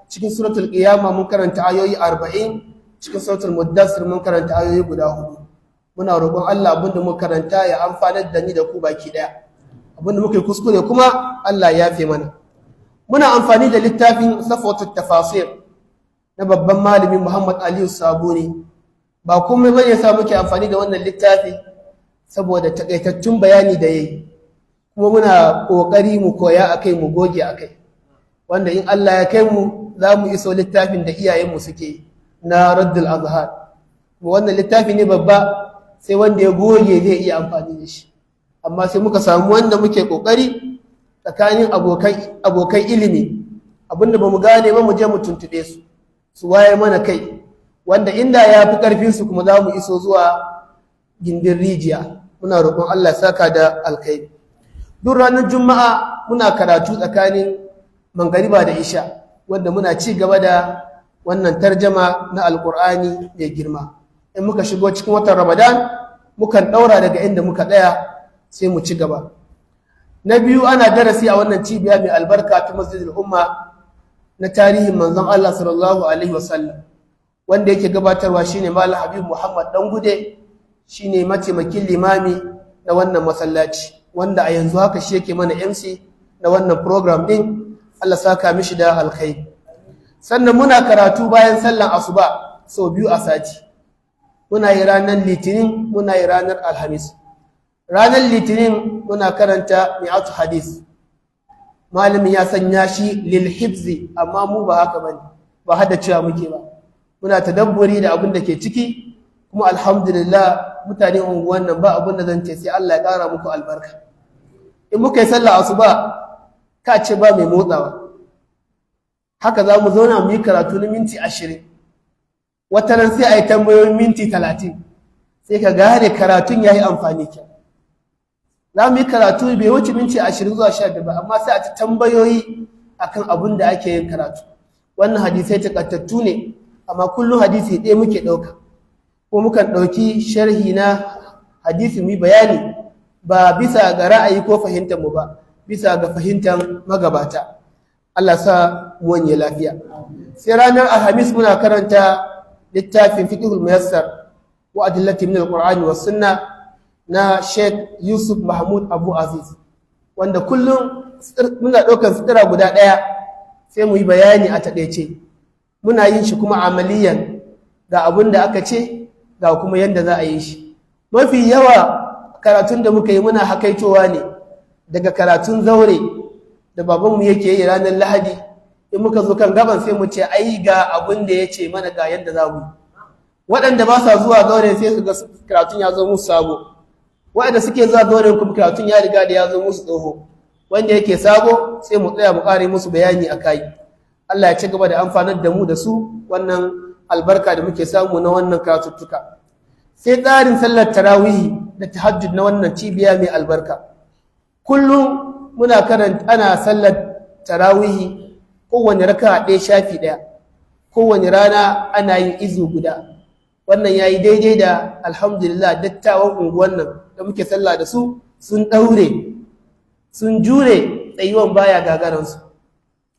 cikin suratul qiyama mun karanta ayoyi 40 cikin suratul muddathir mun karanta ayoyi guda hudu muna roƙon Allah abinda muka karanta ya amfanar da ni da ku baki daya abinda muka yi kuskure kuma Allah ya yafe mana muna amfani da littafin safatul tafasir na babban malamin Muhammad Aliyu Sabuni ba komai bane sa muke amfani da wannan littafi saboda takaitaccen bayani da yayi kuma muna kokari mu koya akai mu goge akai wanda in Allah ya kai mu za mu iso littafin da mu suke na Raddul Azhar wannan littafi ne babba sai wanda ya goge zai iya amfani da shi amma sai muka samu wanda muke kokari tsakanin abokan ilimi abinda ba mu gane ba mu je mu tuntube su su waye mana kai wanda inda ya fi ƙarfinsu kuma za mu iso zuwa gindin rijiya muna roƙon Allah saka da alkhairi duk ranar juma'a muna karatu tsakanin mangariba da isha wanda muna ci gaba da wannan tarjama na alkur'ani mai girma in muka shigo cikin watan ramadan mukan ɗaura daga inda muka ɗaya sai mu ci gaba na biyu ana darasi a wannan cibiya mai albarka ta masjidil umma na tarihin manzon Allah sallallahu alaihi wasallam wanda yake gabatarwa shine malam habib muhammad dangude shine mataimakin limami na wannan masallaci wanda a yanzu haka shi yake mana MC na wannan program din Allah saka mishi da halkai. sannan muna karatu bayan sallan asuba sau biyu a sati muna yi ranar litinin muna yi ranar alhamis ranar litinin muna karanta mai mi'atu hadis malamin ya sanya shi lil hibzi amma mu ba haka bane ba hada cewa muke ba muna tadabburi da abin da ke ciki kuma alhamdulillah mutane unguwan wannan ba abin da zan ce sai Allah ya kara muku albarka in muka yi sallah asuba ka ce ba mai motsawa haka za mu zauna mu yi karatu na minti ashirin wata ran sai a yi tambayoyin minti talatin sai ka gane karatun ya yi amfani kyau za mu yi karatu bai wuce minti ashirin zuwa sha biyar ba amma sai a ci tambayoyi akan abin da ake yin karatu wannan hadisai takattattu ne amma kullum hadisi ɗaya muke ɗauka ko mukan ɗauki sharhi na hadisi mu bayani ba bisa ga ra'ayi ko fahimtar mu ba bisa ga fahimtar magabata Allah sa wanye lafiya sai ranar alhamis muna karanta littafin fiqhul muyassar wa adillati min alqur'ani was sunnah na Sheikh Yusuf Mahmud Abu Aziz wanda kullum muna ɗaukar sutura guda ɗaya sai mu yi bayani a taɗaice muna yin shi kuma amaliyan ga abin da aka ce ga kuma yadda za a yi shi mafi yawa karatun da muka yi muna hakaitowa ne daga karatun zaure da babanmu yake yi ranar lahadi in muka zo kan gaban sai mu ce ai ga abin da ya ce mana ga yadda za mu waɗanda ba sa zuwa zaure sai su ga karatun ya zo musu sabo wa'anda suke zuwa dole kuma karatun ya riga da ya zo musu tsoho wanda yake sabo sai mu tsaya mu kare musu bayani a kai Allah ya ci gaba da amfanar da mu da su wannan albarka da muke samu na wannan karatuttuka sai tsarin sallar tarawihi da tahajjud na wannan cibiya mai albarka kullum muna karanta ana sallar tarawihi kowane raka ɗaya shafi ɗaya kowane rana ana yin izu guda wannan ya yi daidai da alhamdulillah dattawan unguwan nan da muke sallah da su sun daure, sun jure tsayuwan baya gagaransu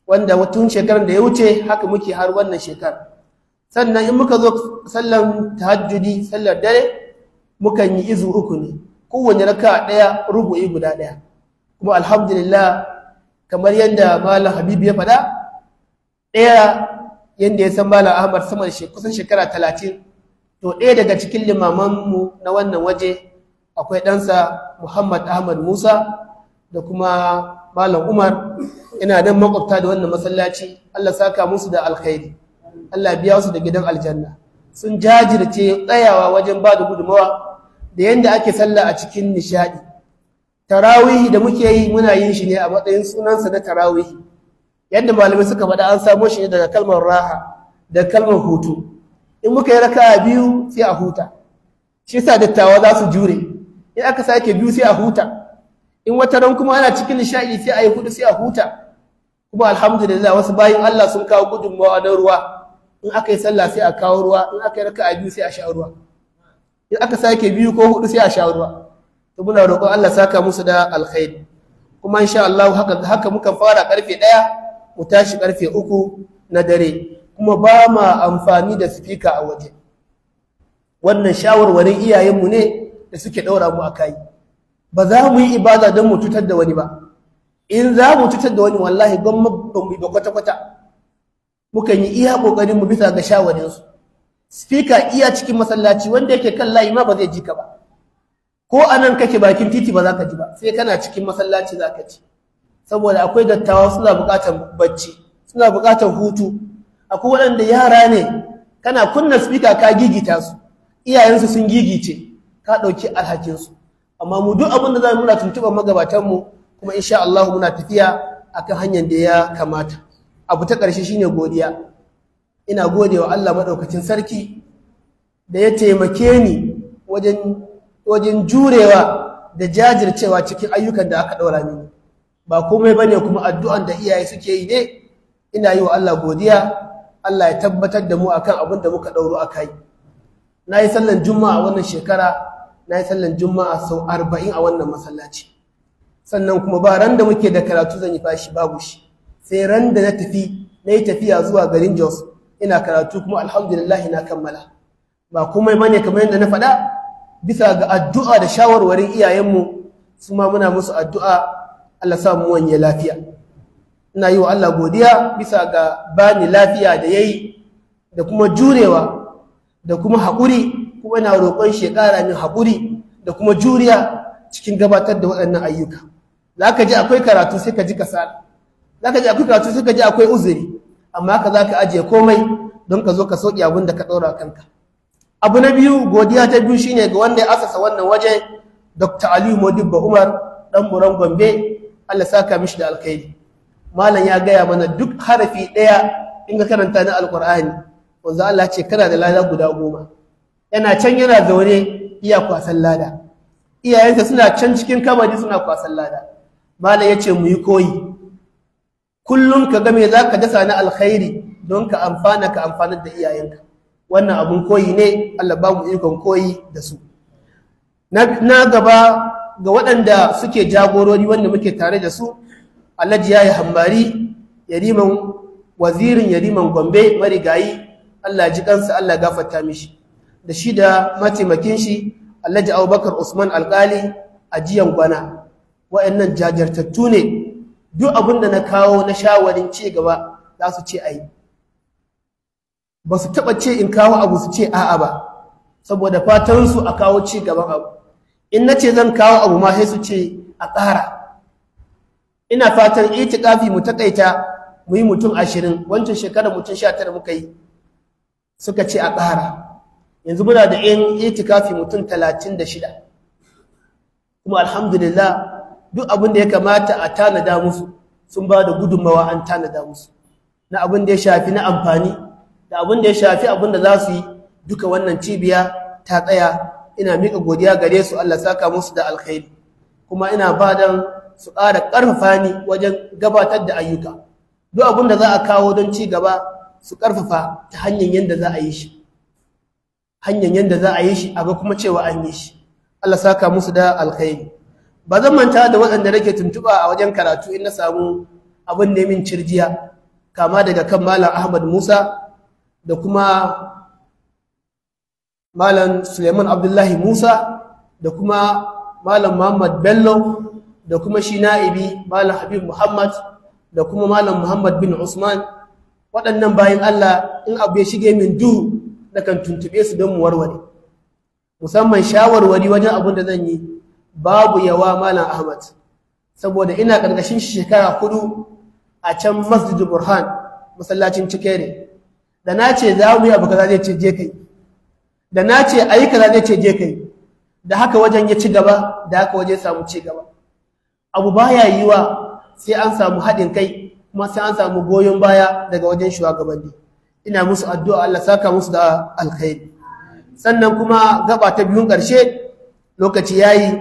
wanda tun shekarar da ya wuce haka muke har wannan shekar sannan in muka zo sallan tahajjudi sallar dare mukan yi izu uku ne kowane raka ɗaya rubu'i guda ɗaya kuma alhamdulillah kamar yadda malam habibu ya faɗa ɗaya yadda ya san malam ahmad sama kusan shekara talatin to ɗaya daga cikin limaman mu na wannan waje akwai ɗansa muhammad ahmad musa da kuma malam umar ina dan makwabta da wannan masallaci allah saka musu da alkhairi allah biya su da gidan aljanna sun jajirce tsayawa wajen ba da gudunmawa da yadda ake sallah a cikin nishaɗi tarawihi da muke yi muna yin shi ne a matsayin sunansa na tarawihi yadda malamai suka faɗa an samo shi ne daga kalmar raha da kalmar hutu in muka yi raka biyu sai a huta shi sa dattawa za su jure in aka sake biyu sai a huta in wata ran kuma ana cikin nishaɗi sai a yi hudu sai a huta kuma alhamdulillah wasu bayan Allah sun kawo gudunmawa na ruwa in aka yi sallah sai a kawo ruwa in aka yi a biyu sai a sha ruwa in aka sake biyu ko hudu sai a sha ruwa to muna roƙon Allah saka musu da alkhairi kuma insha Allah haka haka muka fara karfe 1 mu tashi karfe 3 na dare kuma ba ma amfani da sifika a waje wannan shawarwarin iyayenmu ne da suke ɗaura mu a kayi ba za mu yi ibada don mu cutar da wani ba in za mu cutar da wani wallahi gwamma ba mu kwata-kwata mukan yi iya ƙoƙarin mu bisa ga shawarinsu sifika iya cikin masallaci wanda yake kan layi ma ba zai ji ka ba ko a nan kake bakin titi ba za ka ji ba sai kana cikin masallaci za ka ji saboda akwai dattawa suna buƙatar bacci suna buƙatar hutu akwai waɗanda yara ne kana kunna spika ka gigita su iyayensu sun gigice ka ɗauki alhakinsu amma mu duk abin da za mu muna tuntuɓar magabatanmu kuma insha Allah muna tafiya akan hanyar da ya kamata abu ta ƙarshe shine godiya ina gode wa Allah maɗaukacin sarki da ya taimake ni wajen jurewa da jajircewa cikin ayyukan da aka ɗaura mini ba komai bane kuma addu'an da iyaye suke yi ne ina yi wa Allah godiya Allah ya tabbatar da mu akan abin da muka ɗauro a kai na yi sallan juma'a wannan shekara na yi sallan juma'a sau arba'in a wannan masallaci sannan kuma ba ran da muke da karatu zan yi fashi babu shi sai ran da na tafi na yi tafiya zuwa garin jos ina karatu kuma alhamdulillah na kammala ba komai bane kamar yadda na faɗa bisa ga addu'a da shawarwarin iyayenmu su ma muna musu addu'a Allah sa mu wanye lafiya ina yi wa Allah godiya bisa ga bani lafiya da yayi da kuma jurewa da kuma haƙuri kuma ina roƙon shi ƙara min haƙuri da kuma juriya cikin gabatar da waɗannan ayyuka za ka ji akwai karatu sai ka ji kasala za ka ji akwai karatu sai ka ji akwai uzuri amma ka za ka ajiye komai don ka zo ka sauƙi abin da ka ɗora kanka abu na biyu godiya ta biyu shine ga wanda ya asasa wannan waje dr aliyu modibba umar ɗan muran gombe allah saka mishi da alkhairi malam ya gaya mana duk harafi ɗaya in ka karanta na alkur'ani wanzu Allah ce kana da lada guda goma yana can yana zaune iya kwasan lada iyayensa suna can cikin kamari suna kwasan lada malam ya ce mu yi koyi kullum ka ga me za ka dasa ni alkhairi don ka amfana ka amfanar da iyayenka wannan abun koyi ne Allah ba mu ikon koyi da su na gaba ga waɗanda suke jagorori wanda muke tare da su alhaji ya yi hambari yariman wazirin yariman gombe marigayi allah ji kansa allah gafarta mishi da shi da mataimakin shi alhaji abubakar usman alkali a jiyan gwana wa'annan jajirtattu ne duk abin da na kawo na shawarin ci gaba za su ce ai ba su taɓa ce in kawo abu su ce a'a ba saboda fatan su a kawo ci gaban abu in na ce zan kawo abu ma sai su ce a ƙara ina fatan itikafi mu takaita mu yi mutum ashirin wancan shekarar mutum sha tara muka yi suka ce a ƙara yanzu muna da yin itikafi mutum talatin da shida kuma alhamdulillah duk abin ya kamata a tanada musu sun ba da gudunmawa an tanada musu na abin ya shafi na amfani da abin da ya shafi abin za su yi duka wannan cibiya ta tsaya ina miƙa godiya gare su Allah saka musu da alkhairi kuma ina ba dan su ƙara ƙarfafa ni wajen gabatar da ayyuka duk abin da za a kawo don ci gaba su ƙarfafa ta hanyar yadda za a yi shi hanyar yadda za a yi shi a ga kuma cewa an yi shi Allah saka musu da alkhairi ba zan manta da waɗanda nake tuntuɓa a wajen karatu in na samu abin da min cirjiya kama daga kan malam Ahmad Musa da kuma malam Suleiman Abdullahi Musa da kuma malam Muhammad Bello da kuma shi na'ibi malam habib muhammad da kuma malam muhammad bin usman waɗannan bayan allah in abu ya shige min duhu na kan tuntuɓe su don mu warware musamman shawarwari wajen abin da zan yi babu yawa malam ahmad saboda ina ƙarƙashin shekara hudu a can masjid burhan masallacin cikere da na ce za mu yi abu kaza zai ce je kai da na ce ayi kaza zai ce je kai da haka wajen ya ci gaba da haka waje samu ci gaba abu baya yiwa sai an samu haɗin kai kuma sai an samu goyon baya daga wajen shugabanni ina musu addu'a Allah saka musu da alkhairi sannan kuma gaba ta biyun ƙarshe lokaci yayi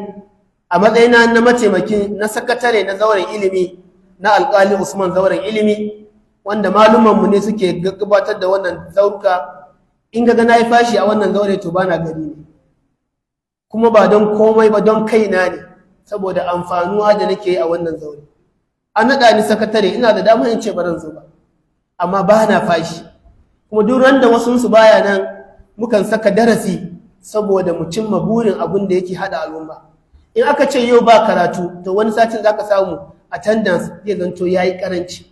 a matsayina na mataimaki na sakatare na zauren ilimi na alƙali Usman zauren ilimi wanda malumanmu ne suke gabatar da wannan zauka in ga na yi fashi a wannan zaure to bana gari ne kuma ba don komai ba don kaina ne saboda amfanuwa da nake yi a wannan zaune an naɗa ni sakatare ina da damar yin ce baran zo ba amma ba na fashi kuma duk randa wasu su baya nan mukan saka darasi saboda mu cimma burin abin da yake haɗa al'umma in aka ce yau ba karatu to wani satin zaka samu attendance zai zanto yayi karanci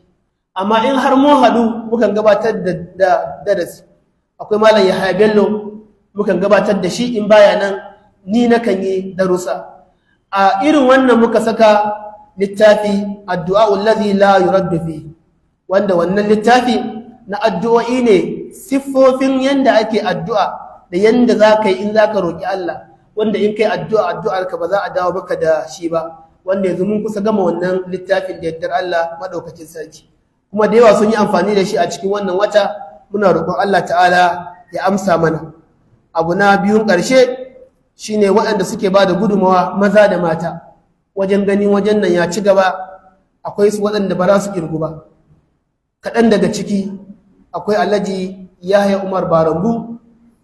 amma in har mu haɗu mukan gabatar da darasi akwai malam Yahaya Bello mukan gabatar da shi in baya nan ni nakan yi darusa. a irin wannan muka saka littafi addu'a wallazi la yuraddu wanda wannan littafi na addu'o'i ne siffofin yanda ake addu'a da yanda za ka yi in za ka roƙi Allah wanda in kai addu'a addu'ar ka ba za a dawo maka da shi ba wanda yanzu mun kusa gama wannan littafin da yardar Allah maɗaukacin sarki kuma da yawa sun yi amfani da shi a cikin wannan wata muna roƙon Allah ta'ala ya amsa mana abu na biyun ƙarshe Shi ne waɗanda suke ba da gudumawa maza da mata wajen gani wajen nan ya ci gaba akwai su waɗanda ba za su kirgu ba kaɗan daga ciki akwai alhaji yahya umar barambu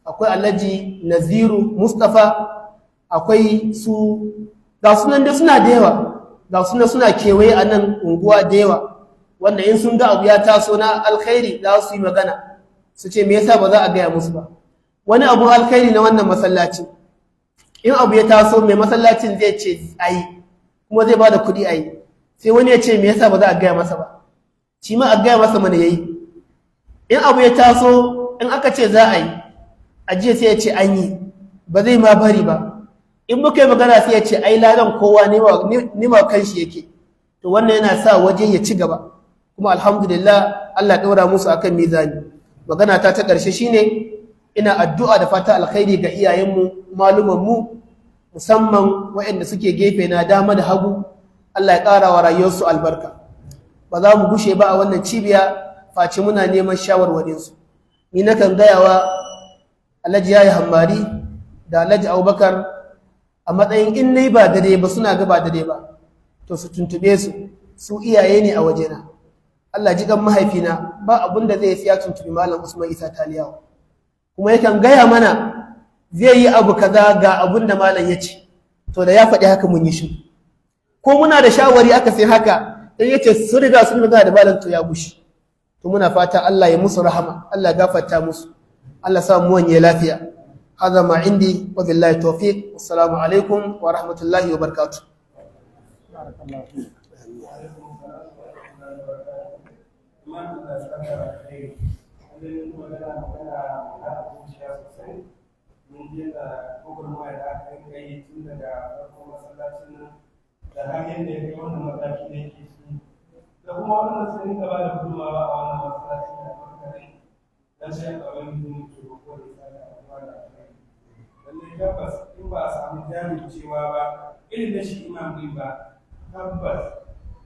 akwai alhaji naziru mustapha akwai su ga sunan da suna da yawa ga sunan suna kewaye a nan unguwa da yawa wanda in sun ga abu ya taso na alkhairi za su yi magana su ce me yasa ba za a gaya musu ba wani abu alkhairi na wannan masallaci in abu ya taso mai masallacin zai ce a yi kuma zai ba da kuɗi a yi sai wani ya ce me yasa ba za a gaya masa ba shi ma a gaya masa mana ya yi in abu ya taso in aka ce za a yi a jiya sai ya ce an yi ba zai ma bari ba in muka yi magana sai ya ce ai ladan kowa nima shi yake to wannan yana sa waje ya ci gaba kuma alhamdulillah Allah ɗaura musu akan mizani magana ta ta ƙarshe shine ina addu'a da fata alkhairi ga iyayenmu malumanmu musamman waɗanda suke gefe na dama da hagu Allah ya ƙara wa rayuwarsu albarka ba za mu gushe ba a wannan cibiya face muna neman shawarwarinsu ni nakan gaya wa alhaji yi hammari da alhaji abubakar a matsayin in nai ba dare ba suna ga ba dare ba to su tuntube su su iyaye ne a wajena Allah ji kan mahaifina ba abin da zai siya tuntubi malam Usman Isa Taliyawa kuma yakan gaya mana zai yi abu kaza ga abun da malam ya ce to da ya faɗi haka mun yi shi ko muna da shawari aka sai haka in ya ce sun riga sun riga da malam to ya gushi to muna fata Allah ya musu rahama Allah ya gafarta musu Allah sa mu wani lafiya hada ma indi wa billahi tawfiq assalamu alaikum wa rahmatullahi wa barakatuh Thank you. hanyoyin magana magana zuciya sosai mun je da gugurma da aka yi tun daga farko masallacin nan da da ya mataki da kuma wannan sun a wannan masallaci a wani mutum ke ko da da abubuwa da lallai in ba a samu jami'cewa ba irin da shi imam ba tabbas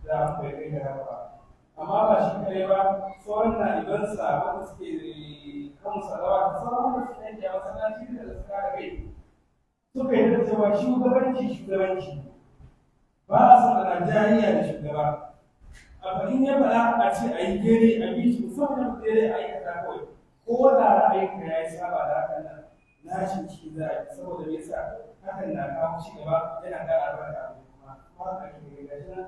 za a kai da haka ba amma ba shi kare ba na ibansa wanda suke kan musalawa da sauran wanda suke yanke a masallaci da suka kai suka yi da cewa shugabanci shugabanci ba a son a Najeriya da shugaba A in ya faɗa a ce a yi gere a bi shi musamman gere a yi kata kawai ko wanda ra'ayinka ya yi saba da hakan nan nashin ciki za a yi saboda me yasa hakan na kawo ci gaba yana ƙara da kuma kuma a kan yi gajina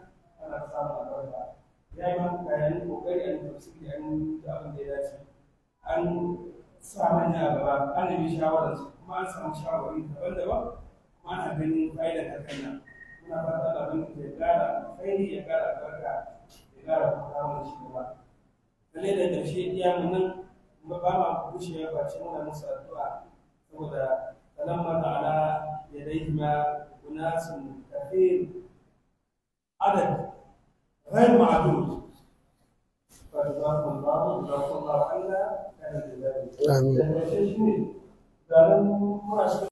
ana samun albarka ya yi makayan kokari an tafsiri an da abin da ya dace an sa manya gaba an nemi shawarar su kuma an samu shawarwari daban-daban kuma ana ganin fa'idan hakan nan muna fata da abin da ya gara faidi ya gara barka ya gara kuma mun shi gaba lalle da ƙarshe iya mu nan kuma ba ma kushewa ba ce muna musu addu'a saboda kalamar ala yadaihima gunasun kafir adadi. غير معدود فجزاكم الله وجزاكم الله عنا كان لذلك. امين.